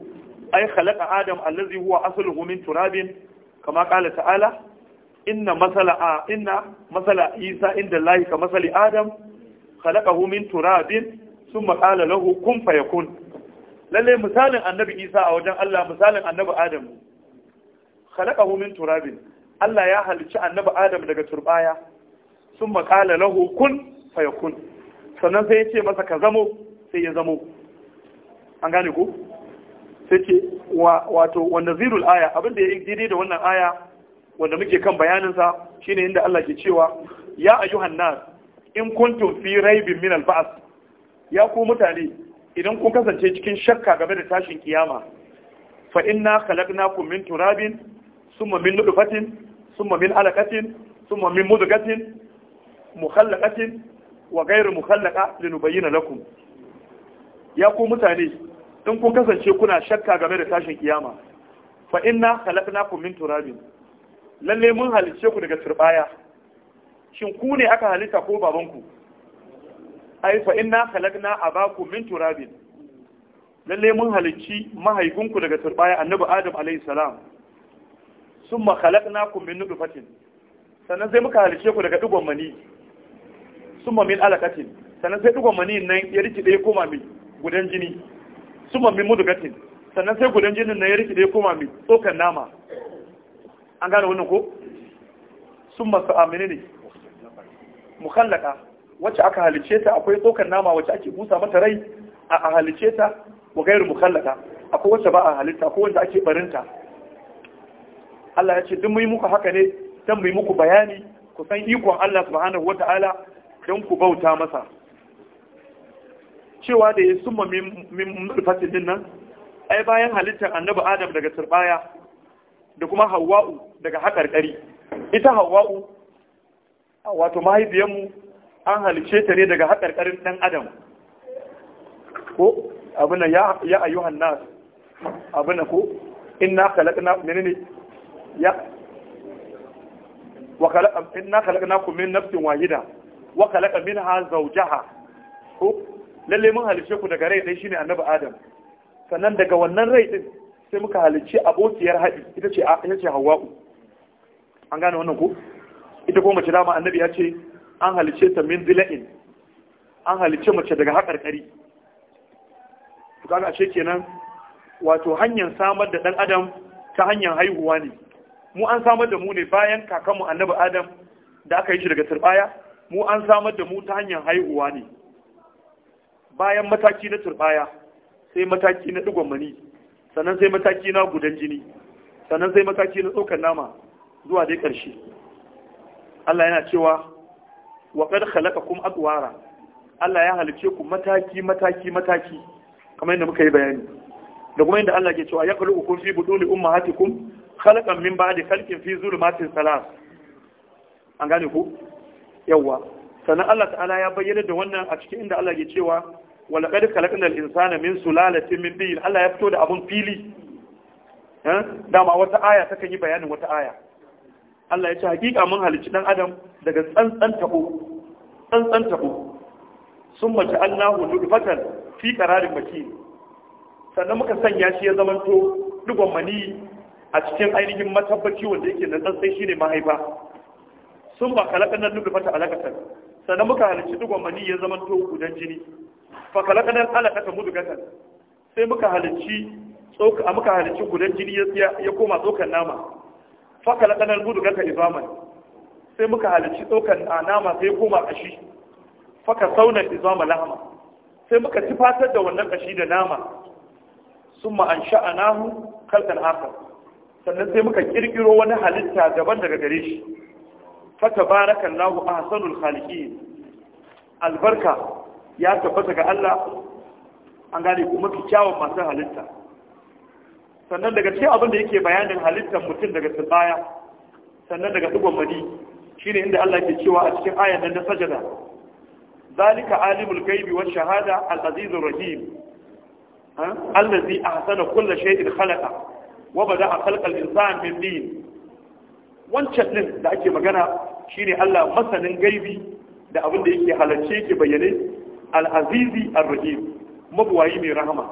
ai khalaqa adam allazi huwa asluhu min turabin kama qala ta'ala inna masala a inna masala isa inda lahi ka masali adam khalaqahu min turabin thumma qala lahu kun fayakun lalle misalin annabi isa a wajen Allah misalin annabi adam khalaqahu min turabin Allah ya halicci annabi Adam daga turbaya sun makala lahu kun fayakun sannan sai ya ce masa ka zamo sai ya zamo an gane ku sai ce wato wanda zirul aya abinda ya yi daidai da wannan aya wanda muke kan bayaninsa shine inda Allah ke cewa ya ayyuhan nas in kuntum fi raibin min al ya ku mutane idan kun kasance cikin shakka game da tashin kiyama fa inna khalaqnakum min turabin summa min nutfatin summa min alaqatin summa min mudghatin mukhallaqatin wa ghayr mukhallaqa linubayyana lakum ya ku mutane in kun kasance kuna shakka game da tashin kiyama fa inna khalaqnakum min turabin lalle mun halice ku daga turbaya shin ku ne aka halitta ko babanku ai fa inna khalaqna abakum min turabin lalle mun halicci mahaifinku daga turbaya annabi adam sun makalakna kun min fatin, sannan sai muka halice ku daga digon mani sun min alakatin sannan sai digon mani nan ya riki ya koma mai gudan jini sun min mudugatin sannan sai gudan jini nan ya riki ya koma mai tsokan nama an gane wannan ko sun masu amini ne mukallaka wacce aka halice ta akwai tsokan nama wacce ake busa mata rai a halice ta wa gairu mukallaka akwai wacce ba a halitta akwai wanda ake barinta Allah ya ce duk mu yi muku haka ne dan mu yi muku bayani ku san ikon Allah subhanahu wataala don ku bauta masa cewa da ya summa min mulfatin din nan ai bayan halittar annabi Adam daga turbaya da kuma Hawwa'u daga haƙarƙari ita Hawwa'u wato mahaifiyarmu an halice ta ne daga haƙarƙarin ɗan Adam ko abin ya ayyuhan nas abin ko inna khalaqna menene ya wa khalaqa inna khalaqnakum min nafsin wahida wa khalaqa minha zawjaha ko lalle mun halice ku daga rai dai shine annabi adam sannan daga wannan rai din sai muka halice abokiyar haɗi ita ce ita ce hawa'u an gane wannan ko ita kuma mace dama annabi ya ce an halice ta min zila'in an halice mace daga haƙarƙari to kaga ashe kenan wato hanyar samar da ɗan adam ta hanyar haihuwa ne mu an samar da mu ne bayan kakanmu annabi adam da aka yi shi daga turbaya mu an samar da mu ta hanyar haihuwa ne bayan mataki na turbaya sai mataki na digon mani sannan sai mataki na gudan jini sannan sai mataki na tsokar nama zuwa dai ƙarshe Allah yana cewa wa qad khalaqakum atwara Allah ya halice ku mataki mataki mataki kamar yadda muka yi bayani da kuma yadda Allah ke cewa ya ku fi buduni ummahatikum khalqan min ba'di khalqin fi zulumatin salas an gane ku yawa sannan Allah ta'ala ya bayyana da wannan a cikin inda Allah ke cewa wa laqad khalaqnal insana min sulalatin min tin Allah ya fito da abun fili eh dama wata aya kan yi bayanin wata aya Allah ya ce hakika mun halicci dan adam daga tsantsan tabo tsantsan tabo summa ja'alnahu nutfatan fi qararin makin sannan muka sanya shi ya zamanto digon mani a cikin ainihin matabbaci wanda yake nan tsantsai shine mahaifa sun ba kalakan nan nufi fata alakatar sannan muka halicci dugon mani ya zama to gudan jini fa kalakan nan mudu gatar sai muka halicci a muka halarci gudan jini ya koma tsokan nama fa kalakan nan gatar izaman sai muka halicci tsokan a nama sai ya koma kashi fa ka sauna izama lahama sai muka tifatar da wannan kashi da nama sun an sha'anahu kalkan akar sannan sai muka kirkiro wani halitta daban daga gare shi fata barakan lahu a hasanul khaliki albarka ya tabbata ga Allah an gane kuma mafi kyawun masu halitta sannan daga cikin abin da yake bayanin halittar mutum daga tsibaya sannan daga dugon mani shine inda Allah ke cewa a cikin ayan nan na sajada zalika alimul gaibi wa shahada al-azizur rahim allazi ahsana kulli shay'in khalaqa wa bada a kalkal insan min din wancan din da ake magana shine Allah masanin gaibi da abin da yake halarce yake bayyane al-azizi ar-rahim mabwayi mai rahama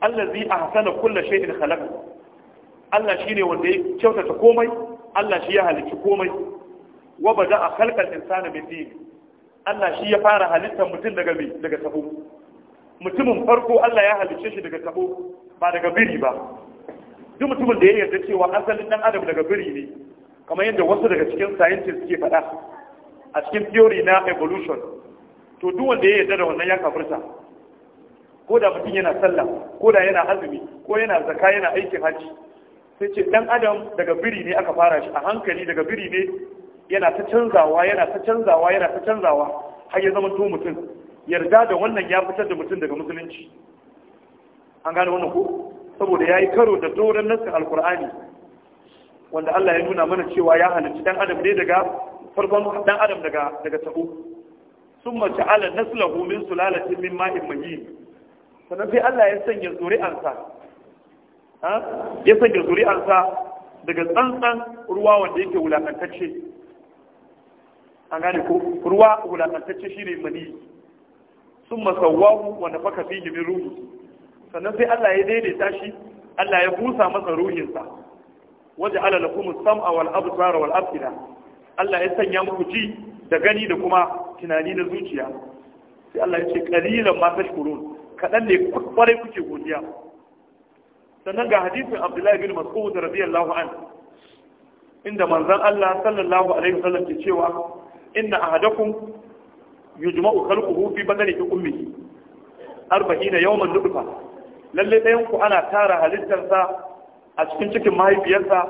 allazi ahsana kulli shay'in khalaqa Allah shine wanda ya kyautata komai Allah shi ya halicci komai wa bada a kalkal insan min din Allah shi ya fara halittar mutum daga mai daga tabo mutumin farko Allah ya halicce shi daga tabo ba daga biri ba duk mutumin da ya yarda cewa asalin dan adam daga biri ne kamar yadda wasu daga cikin scientists suke faɗa a cikin theory na evolution to duk wanda ya yarda da wannan ya kafirta ko da mutum yana sallah ko da yana azumi ko yana zaka yana aikin hajji sai ce dan adam daga biri ne aka fara shi a hankali daga biri ne yana ta canzawa yana ta canzawa yana ta canzawa har ya zama to mutum yarda da wannan ya fitar da mutum daga musulunci an gane wannan ko saboda ya yi karo da doron nassin alkur'ani wanda Allah ya nuna mana cewa ya halarci dan adam ne daga farkon dan adam daga daga tabo summa ta'ala naslahu min sulalatin min ma'in mahin sannan sai Allah ya sanya zuri'arsa ha ya sanya zuri'arsa daga tsantsan ruwa wanda yake wulakantacce an gane ko ruwa wulakantacce shine mani summa sawwahu wa nafaka fihi min ruhi sannan sai Allah ya daidaita shi Allah ya busa masa ruhinsa waje ala lakum sam'a wal absara wal afida Allah ya sanya muku ji da gani da kuma tunani na zuciya sai Allah ya ce qalilan ma tashkurun kadan ne kwarai kuke godiya sannan ga hadisin Abdullahi bin Mas'ud radiyallahu An. inda manzon Allah sallallahu alaihi wasallam ke cewa inna ahadakum yujma'u khalquhu fi badani ummihi 40 yawman nutfa lalle ɗayan ku ana tara halittarsa a cikin cikin mahaifiyarsa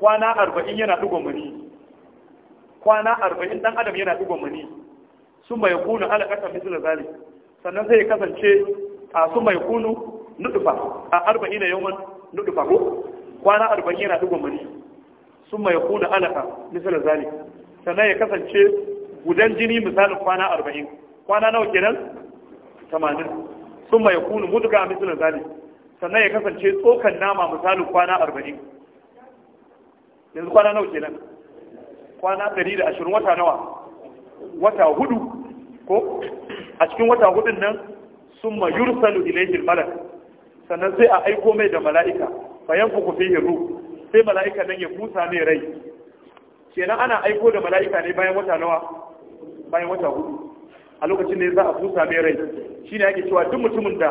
kwana arba'in yana ɗigon mani kwana arba'in ɗan adam yana ɗigon mani sun mai kunu alaƙasa misal zali sannan sai ya kasance a sun mai kunu nuɗufa a arba'in na yawan nuɗufa ko kwana arba'in yana ɗigon mani sun mai kunu alaƙa misal zali sannan ya kasance gudan jini misalin kwana arba'in kwana nawa kenan tamanin sun mai kunu mutuka a misalin zali sannan ya kasance tsokan nama misalin kwana arba'in yanzu kwana nawa kenan kwana ɗari da ashirin wata nawa wata hudu ko a cikin wata hudun nan sun ma yursalu ilayhil malak sannan sai a aiko mai da mala'ika bayan fuku fi ruh sai mala'ika nan ya busa mai rai kenan ana aiko da mala'ika ne bayan wata nawa bayan wata hudu a lokacin da ya za a busa mai rai shi ne ake cewa duk mutumin da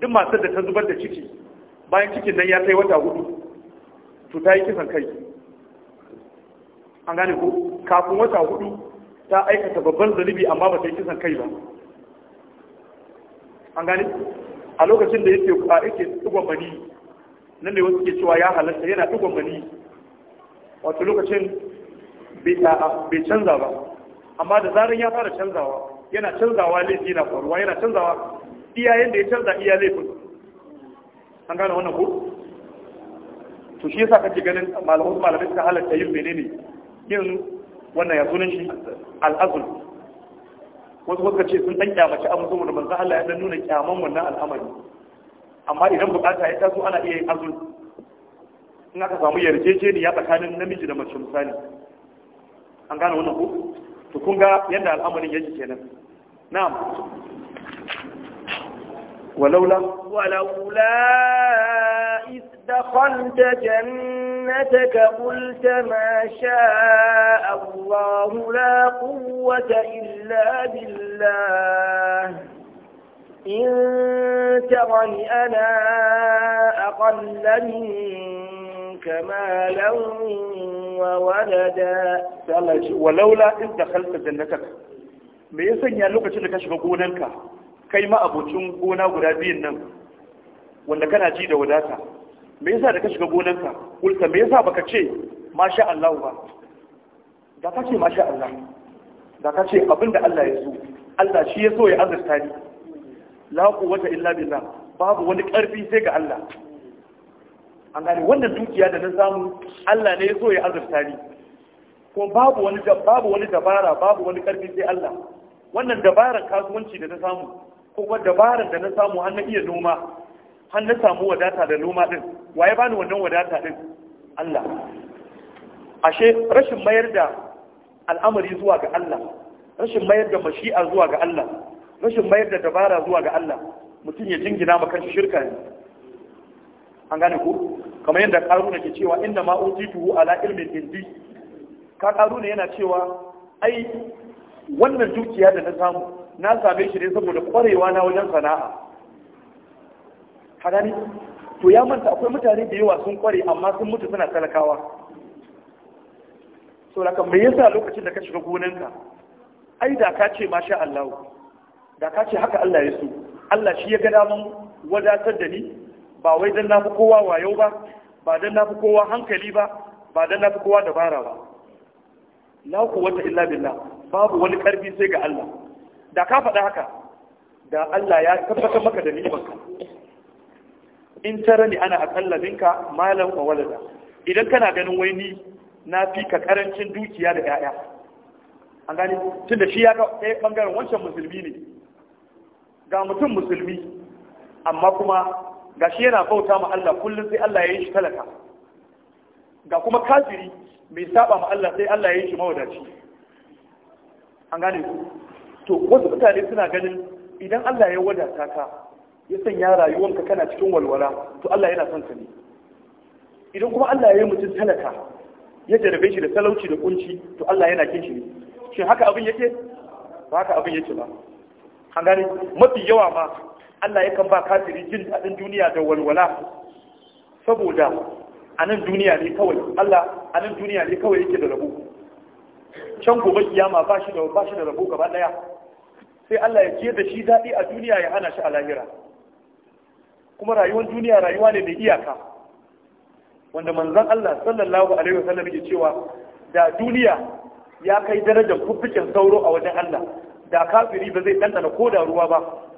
duk matar da ta zubar da ciki bayan cikin nan ya kai wata hudu to ta yi kisan kai an gane ko kafin wata hudu ta aikata babban zalibi amma ba ta yi kisan kai ba an gane a lokacin da yake a yake dugon mani nan ne wasu ke cewa ya halarta yana dugon mani wato lokacin bai canza ba amma da zarar ya fara canzawa yana canzawa laifi na faruwa yana canzawa iya yadda ya canza iya laifin an gane wannan ko to shi yasa kake ganin malamu malamin suka halatta yin menene yin wannan ya sunan shi al'azul wasu wasu ce sun dan kyamaci abin da manzo Allah ya dan nuna kyaman wannan al'amari amma idan bukata ya taso ana iya yin azul in aka samu yarjejeniya tsakanin namiji da mace misali an gane wannan ko to ga yadda al'amarin yake kenan na'am walaula walaula istakhanta jannataka qulta ma sha'a Allah la quwwata illa billah in tarani ana aqallu كمالا وولدا تعالى ولولا إذ دخلت جنتك me ya sanya lokacin da ka shiga gonanka kai ma abocin gona guda biyun nan wanda kana ji da wadata me yasa da ka shiga gonanka kulta me yasa baka ce masha Allah ba da ka ce masha Allah da ka ce abinda Allah ya so Allah shi ya so ya azurta ni la quwwata illa billah babu wani karfi sai ga Allah an gani wannan dukiya da na samu Allah ne ya so ya azurta ni ko babu wani babu wani dabara babu wani karfi sai Allah wannan dabaran kasuwanci da na samu ko kuma dabaran da na samu har na iya noma har na samu wadata da noma din waye bani wannan wadata din Allah ashe rashin mayar da al'amari zuwa ga Allah rashin mayar da mashi'a zuwa ga Allah rashin mayar da dabara zuwa ga Allah mutum ya jingina ma shirka ne an gane ko kamar yadda karuna ke cewa inda ma tuwo ala ilmin indi ka karuna yana cewa ai wannan dukiya da na samu na same shi ne saboda kwarewa na wajen sana'a ka gani to ya manta akwai mutane da yawa sun kware amma sun mutu suna talakawa so laka me yasa lokacin da ka shiga gonanka ai da ka ce masha Allah da ka ce haka Allah ya so Allah shi ya ga daman wadatar da ni ba wai dan nafi kowa wayo ba ba dan nafi kowa hankali ba ba dan nafi kowa dabara ba la quwwata illa billah babu wani karfi sai ga Allah da ka faɗa haka da Allah ya tabbatar maka da nimanka. in ni ana akalla minka malam wa walada idan kana ganin wai ni na fi ka karancin dukiya da 'ya'ya an gani Tunda shi ya ga kai eh, ɓangaren wancan musulmi ne ga mutum musulmi amma kuma gashi yana bauta ma Allah kullum sai Allah ya yi shi talaka ga kuma kafiri bai saba ma Allah sai Allah ya yi shi mawadaci an gane ku to wasu mutane suna ganin idan Allah ya wadata ka ya sanya rayuwanka kana cikin walwala to Allah yana son ka ne idan kuma Allah ya yi mutum talaka ya jarabe shi da talauci da kunci to Allah yana kin shi ne shin haka abin yake ba haka abin yake ba an gane mafi yawa ma Allah yakan ba kafiri jin daɗin duniya da walwala saboda a nan duniya ne kawai Allah a duniya ne kawai yake da rabo can gobe kiyama ba shi da ba shi da rabo gaba daya sai Allah ya ce da shi daɗi a duniya ya hana shi a lahira kuma rayuwar duniya rayuwa ne mai iyaka wanda manzon Allah sallallahu alaihi wasallam yake cewa da duniya ya kai darajar kuffikin sauro a wajen Allah da kafiri ba zai dandana ko da ruwa ba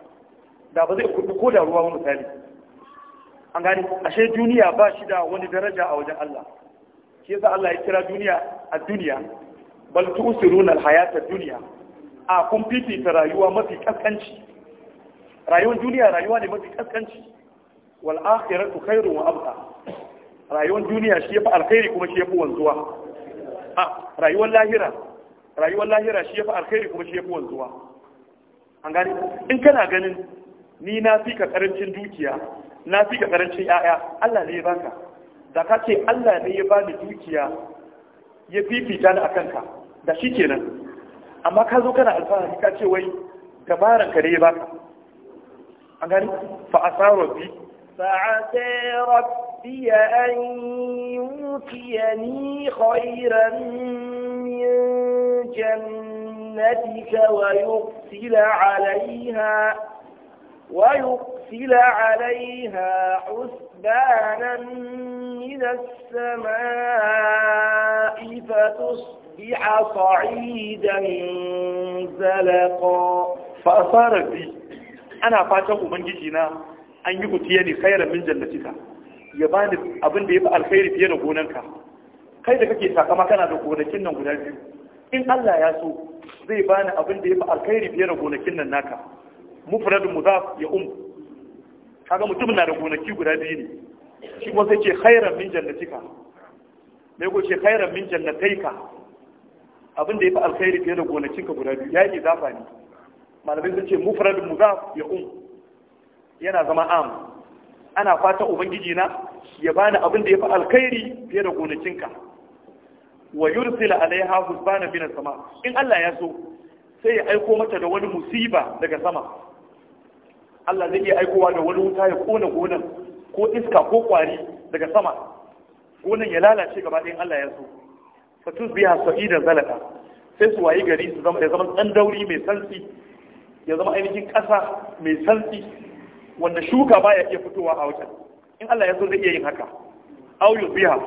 da ba zai kudu ko da ruwa wani misali an gani ashe duniya ba shi da wani daraja a wajen Allah shi yasa Allah ya kira duniya a duniya bal tu'siruna al-hayata duniya a kun fifita rayuwa mafi kaskanci rayuwar duniya rayuwa ne mafi kaskanci wal akhiratu khairun wa abqa rayuwar duniya shi yafi alkhairi kuma shi yafi wanzuwa a rayuwar lahira rayuwar lahira shi yafi alkhairi kuma shi yafi wanzuwa an gani in kana ganin ni na fi ka karancin dukiya na fi ka karancin yaya, Allah ne ya baka da ka ce Allah ne ya ba ni dukiya ya fifita ni a kanka, da shi kenan amma ka zo kana alfahari ka ce wai gabaran ka ne ya baka an gani fa asara bi fa asara bi an yutiyani khairan min jannatika wa yuqtila alaiha ويرسل عليها حسبانا من السماء فتصبح صعيدا زلقا فأصار بي أنا فاتح من جيجينا أن يبتيني خيرا من جنتك يباني أبن بيبقى الخير فينا بونانك kai da kake saka maka na da gonakin nan guda biyu in Allah ya so zai bani abin mufradun mudaf ya um kaga mutum na da gonaki guda biyu ne shi kuma sai ce khairan min jannatika mai ko ce khairan min jannataika abin da ya fi alkhairi fiye da gonakinka guda biyu ya yi zafa ne Malamin sun ce mufradun mudaf ya um yana zama am ana fatan ubangiji na ya bani abin da ya fi alkhairi fiye da gonakinka wa yursila alaiha husbana bina sama in Allah ya so sai ya aiko mata da wani musiba daga sama Allah zai iya aikowa da wani wuta ya kona gonan ko iska ko kwari daga sama gonan ya lalace gaba ɗayan Allah ya so fatus biya da zalaka sai su wayi gari su zama ya zama ɗan dauri mai santsi ya zama ainihin ƙasa mai santsi wanda shuka baya iya fitowa a wajen in Allah ya so zai iya yin haka aw yusbiha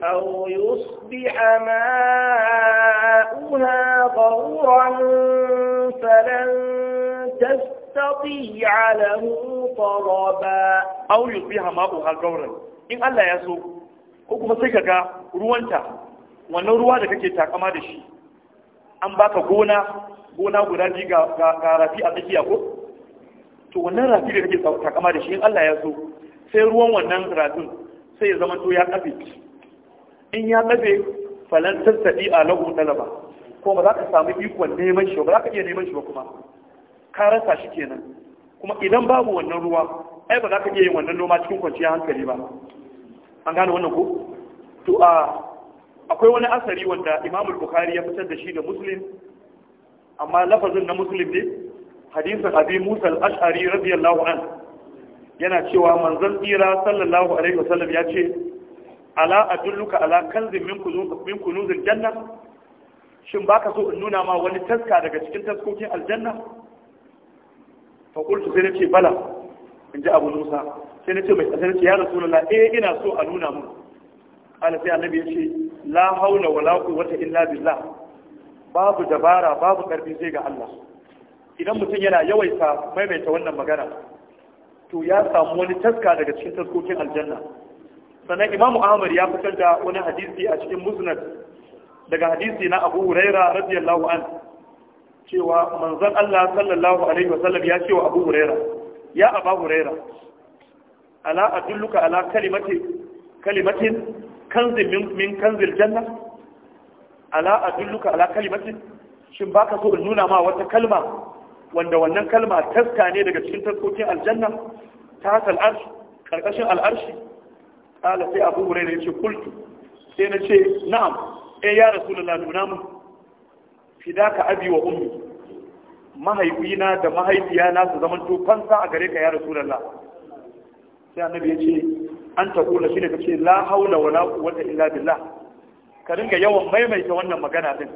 أو يصبح ماؤها غورا فلن تستطيع تضيع له طربا أو يصبح ماؤها غورا إن الله يسوء ko kuma sai ka ga ruwanta wannan ruwa da kake takama da shi an baka gona gona guda biyu ga rafi a tsakiya ko to wannan rafi da kake takama da shi in Allah ya so sai ruwan wannan rafin sai ya zama to ya kafe in ya kafe falan tattabi a lahu talaba ko ba za ka samu ikon neman shi ba za ka iya neman shi ba kuma ka shi kenan kuma idan babu wannan ruwa ai ba za ka iya yin wannan noma cikin kwanciya hankali ba an gane wannan ko to a akwai wani asari wanda imam bukhari ya fitar da shi da muslim amma lafazin na muslim ne hadisin abi musa al-ash'ari radiyallahu an yana cewa manzon tsira sallallahu alaihi wasallam ya ce ala adulluka ala kanzin min min janna shin baka so in nuna ma wani taska daga cikin taskokin aljanna fakultu sai sai nace bala in ji abu musa sai nace mai sai nace ya rasulullah eh ina so a nuna mu ala sai annabi ya ce la haula wala quwwata illa billah babu dabara babu karfi sai ga Allah idan mutum yana yawaita maimaita wannan magana to ya samu wani taska daga cikin taskokin aljanna sannan imamu ahmad ya fitar da wani hadisi a cikin musnad daga hadisi na abu huraira radiyallahu anhu cewa manzon Allah sallallahu alaihi wasallam ya ce wa Abu Huraira ya Abu Huraira ala adulluka ala kalimati kalimatin kanzil min, min kanzil janna ala adulluka ala kalimatin shin baka so in nuna ma wata kalma wanda wannan kalma taska ne daga cikin taskokin aljanna ta tal arsh karkashin al'arshi kala sai Abu Huraira ya ce kultu sai na ce na'am eh ya rasulullah nuna mu fidaka abi wa ummi mahaifina da mahaifiyana su zaman tufansa a gare ka ya rasulullah sai annabi ya ce an taƙula shi ne ka ce la haula wa la quwwata illa billah ka ringa yawan maimaita wannan magana din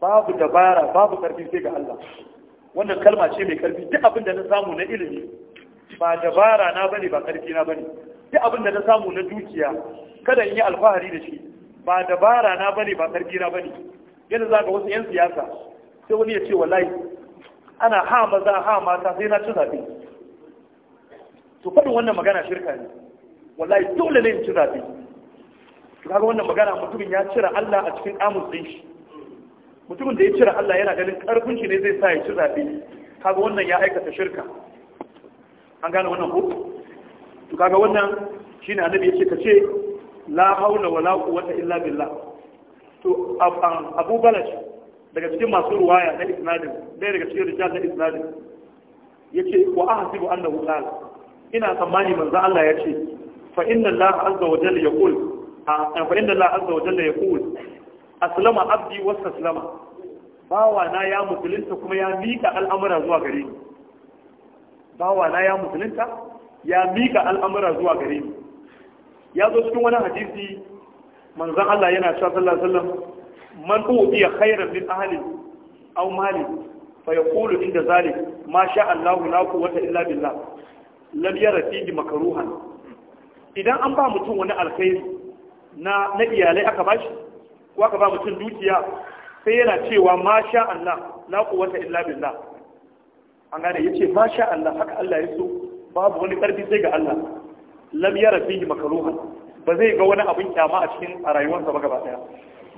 babu dabara babu karfi sai ga Allah wannan kalma ce mai karfi duk abin da na samu na ilimi ba dabara na bane ba karfi na bane duk abin da na samu na dukiya kada in yi alfahari da shi ba dabara na bane ba karfi na bane yadda za ga wasu 'yan siyasa sai wani ya ce wallahi ana ha maza ha mata sai na ci zaɓe to faɗin wannan magana shirka ne wallahi dole ne in ci zaɓe to kaga wannan magana mutumin ya cira Allah a cikin amus din shi mutumin da ya cira Allah yana ganin karfin shi ne zai sa ya ci zaɓe kaga wannan ya aikata shirka an gane wannan ko to kaga wannan shine annabi ka ce, la haula wala quwwata illa billah to abu balash daga cikin masu ruwaya na isnadin ɗaya daga cikin rijal na isnadin ya ce wa a hasibu an da wutsala ina tsammani manzo Allah ya ce fa inna Allah azza wa jalla yaqul fa inna Allah azza wa jalla yaqul aslama abdi wa taslama bawa na ya musulunta kuma ya mika al'amura zuwa gare ni bawa na ya musulunta ya mika al'amura zuwa gare ni ya zo cikin wani hadisi manzon Allah yana cewa sallallahu alaihi wasallam man ubiya khairan min ahli aw mali fa yaqulu inda zalik ma sha Allah la quwwata illa billah lam yara fihi makruhan idan an ba mutum wani alkhairi na na iyalai aka bashi ko aka ba mutum dukiya sai yana cewa ma sha Allah la quwwata illa billah an gane yace ma sha Allah haka Allah ya so babu wani karfi sai ga Allah lam yara fihi makruhan ba zai ga wani abin kyama a cikin a rayuwarsa ba gaba daya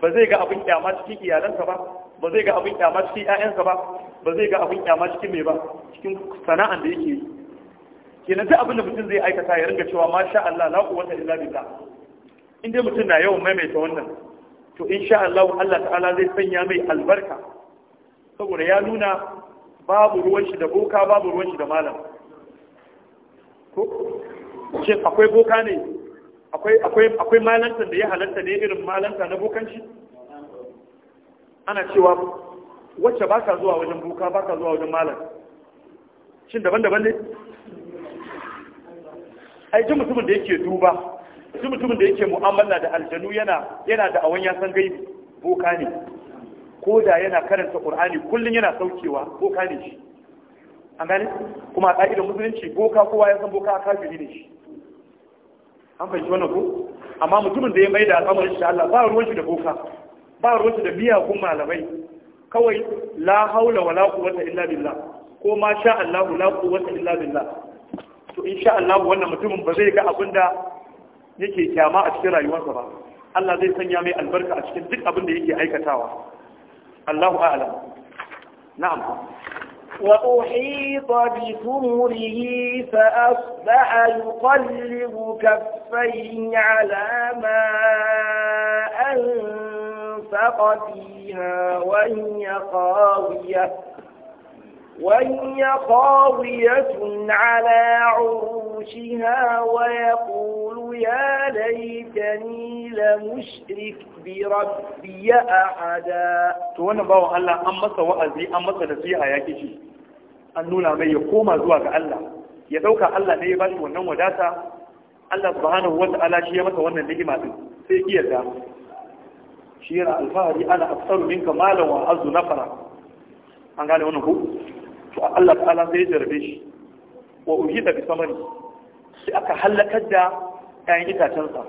ba zai ga abin kyama cikin iyalansa ba ba zai ga abin kyama cikin ƴaƴansa ba ba zai ga abin kyama cikin mai ba cikin sana'an da yake yi kenan duk abin da mutum zai aikata ya ringa cewa masha Allah la quwwata illa billah in dai mutum na yawan maimaita wannan to insha Allah Allah ta'ala zai sanya mai albarka saboda ya nuna babu ruwan shi da boka babu ruwan shi da malam ko shi akwai boka ne akwai akwai akwai da ya halatta ne irin malanta na bokanci ana cewa wacce ba ka zuwa wajen buka ba ka zuwa wajen malam shin daban-daban ne ai ji mutumin da yake duba ji mutumin da yake mu'amala da aljanu yana yana da awan ya san gai buka ne ko da yana karanta qur'ani kullun yana saukewa buka ne shi an gane kuma a ƙa'idar musulunci buka kowa ya san buka a kafiri ne shi an fahimci wannan ko amma mutumin da ya mai da al'amarin shi Allah ba ruwan shi da boka ba ruwan shi da miyagun malamai kawai la haula wala quwwata illa billah ko ma sha Allah la quwwata illa billah to insha Allah wannan mutumin ba zai ga abinda yake kyama a cikin rayuwarsa ba Allah zai sanya mai albarka a cikin duk abinda yake aikatawa Allahu a'lam na'am وأحيط بثمره فأصبح يقلب كفيه على ما أنفق فيها وهي قاوية وهي قاوية على عروشها ويقول يا ليتني لمشرك بربي أحدا تونا باو الله أمسا وأزي أمسا نسيها يا كيشي an nuna mai ya koma zuwa ga Allah ya dauka Allah ne ya bashi wannan wadata Allah subhanahu ta'ala shi ya masa wannan ni'ima din sai ki yarda shi yana alfahari ana aksaru minka malan wa azu nafara an gane wannan ko to Allah ta'ala sai ya jarbe shi wa uhida bi samari sai aka halakar da kayan itacensa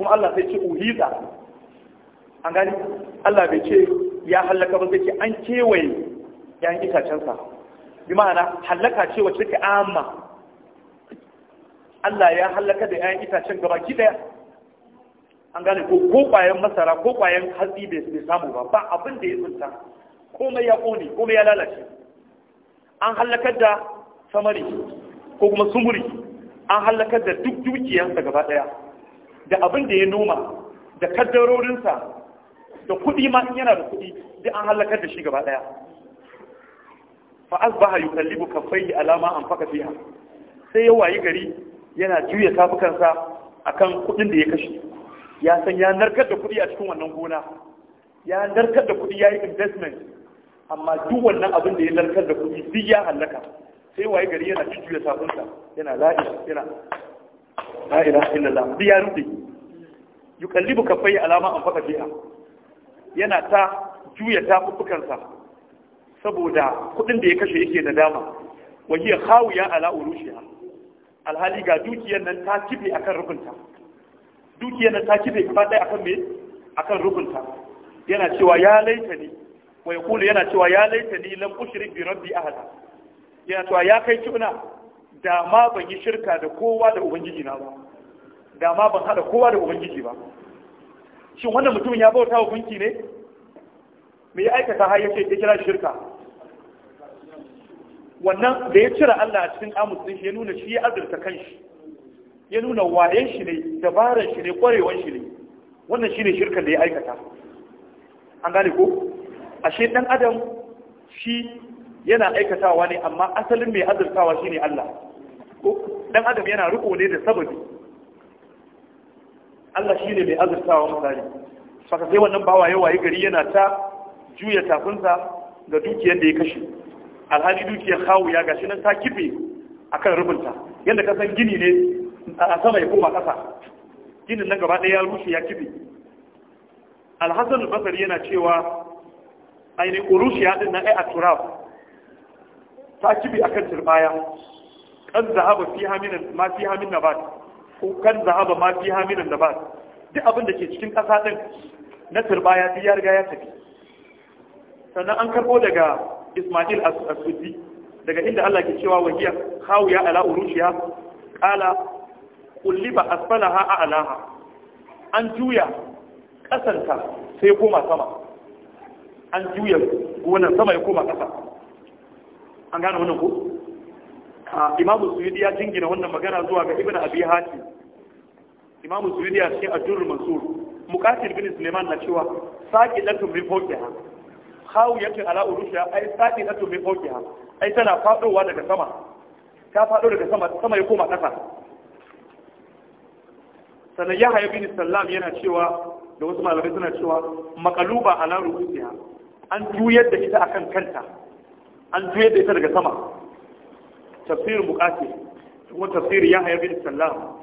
kuma Allah sai ce uhida an gane Allah bai ce ya halaka ba sai ce an kewaye kayan itacensa bi ma'ana halaka ce wacce take amma Allah ya halaka da 'ya'yan itacen gaba ki an gane ko ko kwayan masara ko kwayan hatsi bai samu ba ba abin da ya tsinta komai ya ƙone komai ya lalace an halakar da samari ko kuma sumuri an hallakar da duk dukiyarsa gaba daya da abin da ya noma da kaddarorinsa da kuɗi ma in yana da kuɗi duk an hallakar da shi gaba daya fa asbaha yukallibu kaffayhi alama an faka fiha sai ya wayi gari yana juya tafukansa akan kudin da ya kashe ya san ya narkar da kudi a cikin wannan gona ya narkar da kudi yayi investment amma duk wannan abin da ya narkar da kudi duk ya halaka sai wayi gari yana juya tafukansa yana la'i yana la ilaha illallah duk ya rufe yukallibu kaffayhi alama an faka fiha yana ta juya tafukansa saboda kudin da ya kashe yake da dama wahiya khawiya ala urushiya alhali ga dukiyar nan ta kife akan rukunta dukiyar nan ta kife gaba ɗaya akan me akan rukunta yana cewa ya laita ni wa yaqulu yana cewa ya laita ni lam ushrik bi rabbi ahada yana cewa ya kai tuna da ma ban yi shirka da kowa da ubangiji na ba da ma ban hada kowa da ubangiji ba shin wannan mutumin ya bauta wa gunki ne me ya aikata har yace ya kira shirka wannan da ya cire Allah a cikin amus shi ya nuna shi ya azurta kanshi ya nuna wayen shi ne dabarar shi ne kwarewan shi ne wannan ne shirkan da ya aikata an gane ko ashe dan adam shi yana aikatawa ne amma asalin mai azurtawa shi ne Allah ko dan adam yana riko ne da sababi Allah shi ne mai azurtawa mutane saka sai wannan bawa yawa waye gari yana ta juya tafinsa ga dukiyar da ya kashe alhali dukiyar ya gashi nan ta kife kan rubinta. yadda ka san gini ne a sama ya koma ƙasa ginin nan gaba ɗaya ya rushe ya kife alhassan basari yana cewa ainihin urushiya din na ai a turaf ta a kan turbaya kan zahaba fi haminan ma fi hamin ba ko kan zahaba ma fi haminan ba duk abin da ke cikin ƙasa din na turbaya duk ya riga ya tafi sannan an karbo daga Ismail as-Sufi daga inda Allah ke cewa wahiya khawiya ala urushiya qala kulliba asfalaha a'laha an juya kasanta sai koma sama an juya wannan sama ya koma kasa an gane wannan ko imamu suyudi ya jingina wannan magana zuwa ga ibn abi hatim imamu ce a cikin mansur muqatil bin suleiman na cewa saqi lakum bi fawqiha hawiyatin ala urushiya ai sati na tumi fokiha ai tana fadowa daga sama ta fado daga sama sama ya koma kasa sannan ya haya bin sallam yana cewa da wasu malamai suna cewa makaluba ala urushiya an juyar da ita akan kanta an juyar da ita daga sama tafsirin bukati kuma tafsirin ya haya bin sallam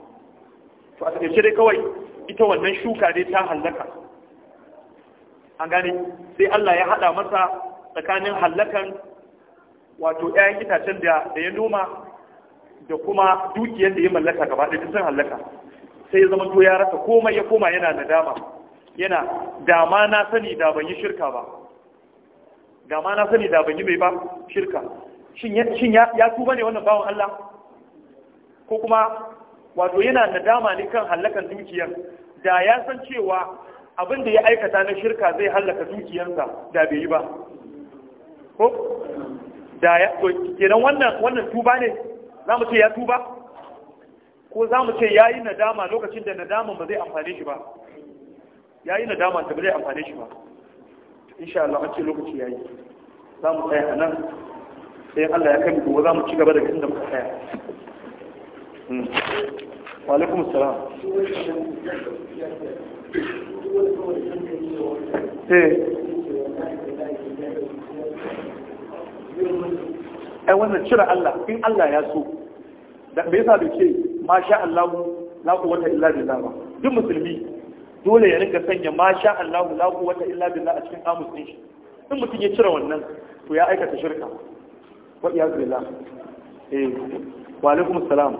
to a shi dai kawai ita wannan shuka dai ta hallaka an gane sai Allah ya hada masa tsakanin hallakan wato 'ya'yan itacen da ya noma da kuma dukiyar da ya mallaka gaba da sun hallaka sai ya zama to ya rasa komai ya koma yana nadama yana dama na sani da ban yi shirka ba dama na sani da ban yi mai ba shirka shin ya tuba ne wannan bawan Allah ko kuma wato yana nadama ne kan hallakan dukiyar da ya san cewa abin da ya aikata na shirka zai hallaka dukiyarsa da bai yi ba ko da ya kenan wannan wannan tuba ne za mu ce ya tuba ko za mu ce ya yi nadama lokacin da nadama ba zai amfane shi ba ya yi nadama da ba zai amfane shi ba insha Allah an ce lokaci ya yi za mu tsaya a nan sai Allah ya kai mu za mu ci gaba da inda muka tsaya hmm. وعليكم السلام ai wannan cire Allah in Allah ya so me yasa da ce masha Allah la quwwata illa ba duk musulmi dole ya rinka sanya masha Allah la quwwata illa a cikin amus din shi in mutum ya cire wannan to ya aikata shirka wa iyaz billah eh wa alaikum assalam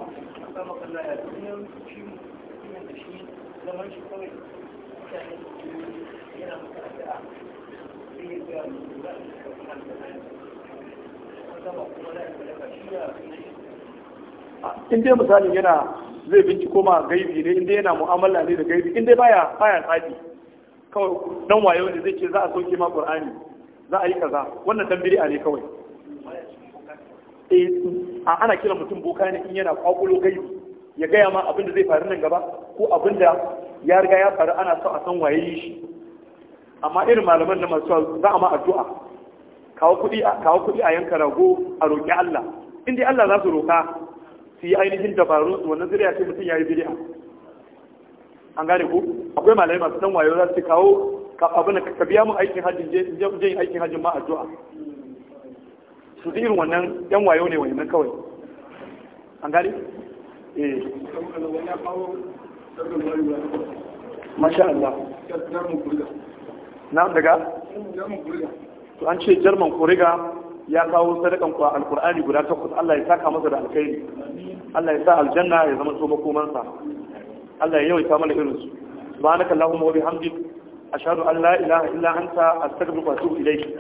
Allah ya shi in dai misalin yana zai binciko ma gaibi ne in yana mu'amala ne da gaibi in dai baya baya tsafi kawai dan wayo ne zai ce za a soke ma qur'ani za a yi kaza wannan dan bid'a ne kawai eh a ana kira mutum boka ne in yana kwakulo gaibi ya gaya ma abin da zai faru nan gaba ko abin da ya riga ya faru ana so a san waye yi shi amma irin malaman da masu za a ma addu'a kawo kuɗi a yanka rago a roƙi Allah inda Allah za su roƙa su yi ainihin dabaru wannan zuriya ce mutum ya yi bid'a an gane ku akwai malamai masu san wayo za su kawo abin da ka biya mu aikin hajjin je yin aikin hajjin ma addu'a su irin wannan yan wayo ne wannan kawai an gane Eh. masha Allah na daga? to an ce jarman kuriga ya kawo sadakan kuwa alkur'ani guda takwas Allah ya saka masa da alkhairi Allah ya sa aljanna ya zama so makomansa Allah ya yawaita mana irin su subhanaka allahumma wa bihamdik ashhadu an la ilaha illa anta astaghfiruka wa atubu ilayk